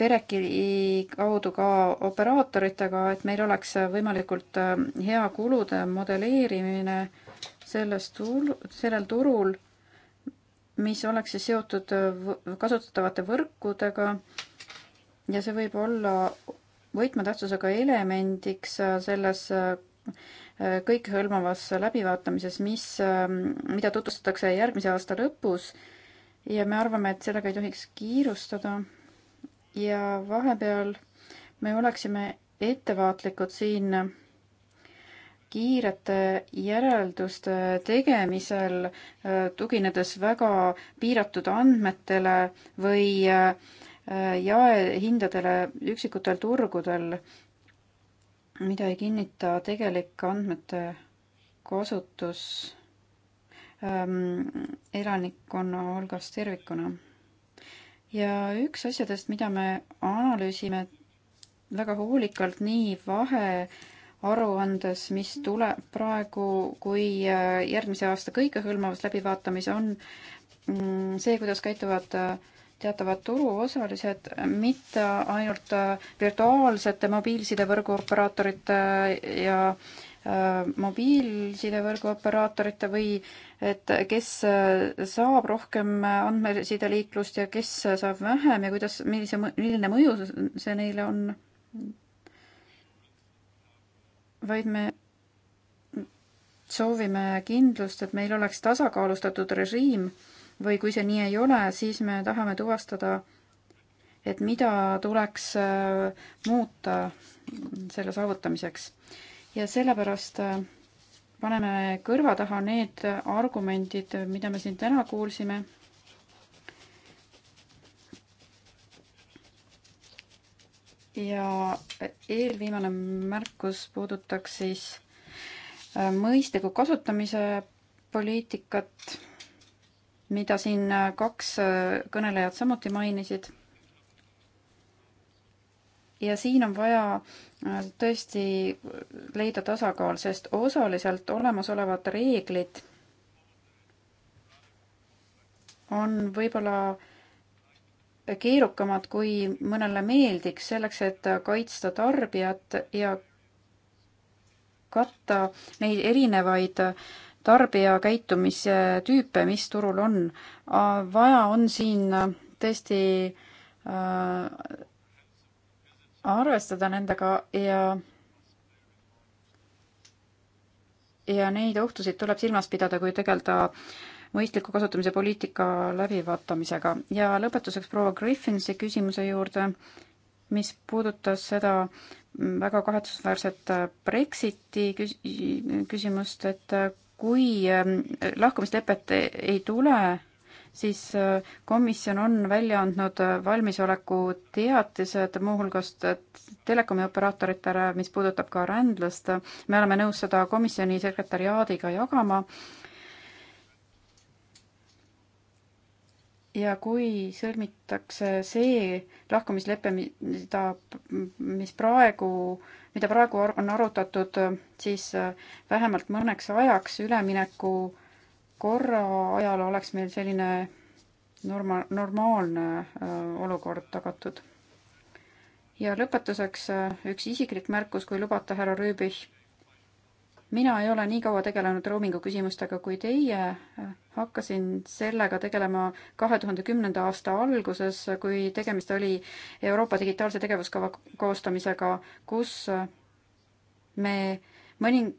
Pereki kaudu ka operaatoritega, et meil oleks võimalikult ähm, hea kulude modelleerimine selles tul-, sellel turul mis oleks siis seotud äh, kasutatavate võrkudega ja see võib olla võtmetähtsusega elemendiks äh, selles äh, kõikehõlmavas läbivaatamises, mis, ähm, mida tutvustatakse järgmise aasta lõpus ja me arvame, et sellega ei tohiks kiirustada. ja vahepeal me oleksime ettevaatlikud siin kiirete järelduste tegemisel, äh, tuginedes väga piiratud andmetele või äh, jaehindadele üksikutel turgudel, mida ei kinnita tegelik andmete kasutus ähm, elanikkonna hulgas tervikuna. ja üks asjadest, mida me analüüsime väga hoolikalt nii vahe äh, aruandes, mis tuleb praegu, kui äh, järgmise aasta kõikehõlmavas läbivaatamis on mm, see, kuidas käituvad äh, teatavad turuosalised, mitte ainult äh, virtuaalsete mobiilsidevõrgu operaatorite ja mobiilsidevõrgu operaatorite või et kes saab rohkem andmesideliiklust ja kes saab vähem ja kuidas, millise, milline mõju see neile on? vaid me soovime kindlust, et meil oleks tasakaalustatud režiim või kui see nii ei ole, siis me tahame tuvastada, et mida tuleks äh, muuta selle saavutamiseks. ja sellepärast äh, paneme kõrva taha need argumendid, mida me siin täna kuulsime ja eelviimane märkus puudutaks siis äh, mõistliku kasutamise poliitikat, mida siin äh, kaks äh, kõnelejat samuti mainisid. ja siin on vaja tõesti leida tasakaal, sest osaliselt olemasolevad reeglid on võib-olla äh, keerukamad, kui mõnele meeldiks, selleks et kaitsta tarbijat ja katta neid erinevaid tarbija käitumise tüüpe, mis turul on. vaja on siin äh, tõesti äh, arvestada nendega ja ja neid ohtusid tuleb silmas pidada, kui tegeleda äh, mõistliku kasutamise poliitika läbivaatamisega. ja lõpetuseks proua Griffinsi küsimuse juurde, mis puudutas seda väga kahetsusväärset Brexiti küs-, küsimust, et kui äh, lahkumislepet ei tule, siis äh, komisjon on välja andnud valmisoleku teatised muuhulgas telekomi operaatoritele, mis puudutab ka rändlast. me oleme nõus seda komisjoni sekretäriaadiga jagama ja kui sõlmitakse see lahkumislepe, mida, mis praegu, mida praegu on arutatud, siis äh, vähemalt mõneks ajaks ülemineku korra ajal oleks meil selline norma-, normaalne äh, olukord tagatud. ja lõpetuseks äh, üks isiklik märkus, kui lubate, härra Rüübich mina ei ole nii kaua tegelenud roomingu küsimustega kui teie. hakkasin sellega tegelema kahe tuhande kümnenda aasta alguses, kui tegemist oli Euroopa digitaalse tegevuskava koostamisega, kus me mõning-,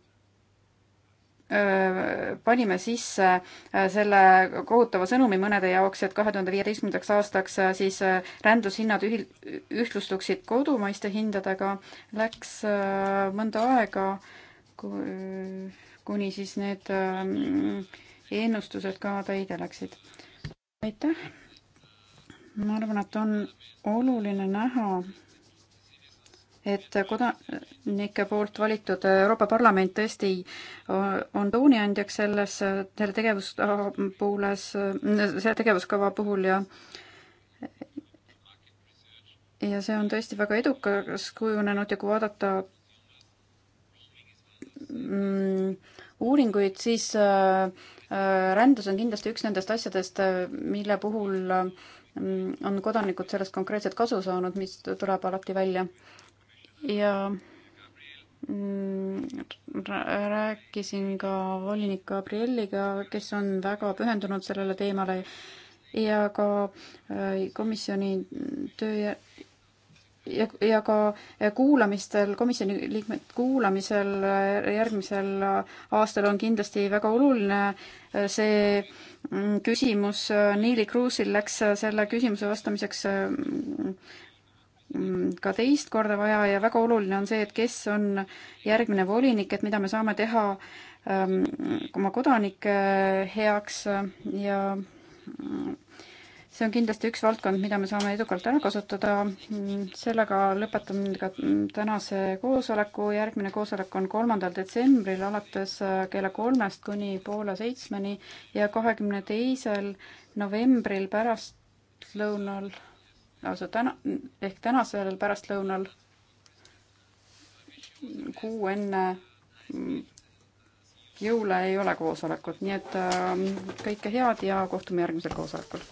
panime sisse selle kohutava sõnumi mõnede jaoks, et kahe tuhande viieteistkümnendaks aastaks siis rändlushinnad ühil-, ühtlustuksid kodumaiste hindadega. Läks mõnda aega Äh, kuni siis need ähm, ennustused ka täide läksid. aitäh! ma arvan, et on oluline näha, et kodanike poolt valitud Euroopa Parlament tõesti on tooniandjaks selles, selle tegevuskava puules, selle tegevuskava puhul ja ja see on tõesti väga edukas kujunenud ja kui vaadata Mm, uuringuid, siis äh, äh, rändus on kindlasti üks nendest asjadest, äh, mille puhul mm, on kodanikud sellest konkreetselt kasu saanud, mis tuleb alati välja. ja mm, rääkisin ka volinik Gabrielliga, kes on väga pühendunud sellele teemale ja ka komisjoni töö ja, ja ka kuulamistel, komisjoni liikmed kuulamisel äh, järgmisel äh, aastal on kindlasti väga oluline äh, see mm, küsimus, Neeli Kruusil läks selle küsimuse vastamiseks mm, ka teist korda vaja ja väga oluline on see, et kes on järgmine volinik, et mida me saame teha ähm, oma kodanike heaks ja mm, see on kindlasti üks valdkond, mida me saame edukalt ära kasutada. sellega lõpetan ka tänase koosoleku. järgmine koosolek on kolmandal detsembril alates kella kolmest kuni poole seitsmeni ja kahekümne teisel novembril pärastlõunal, lausa täna, ehk tänasel pärastlõunal kuu enne jõule ei ole koosolekut, nii et ähm, kõike head ja kohtume järgmisel koosolekul.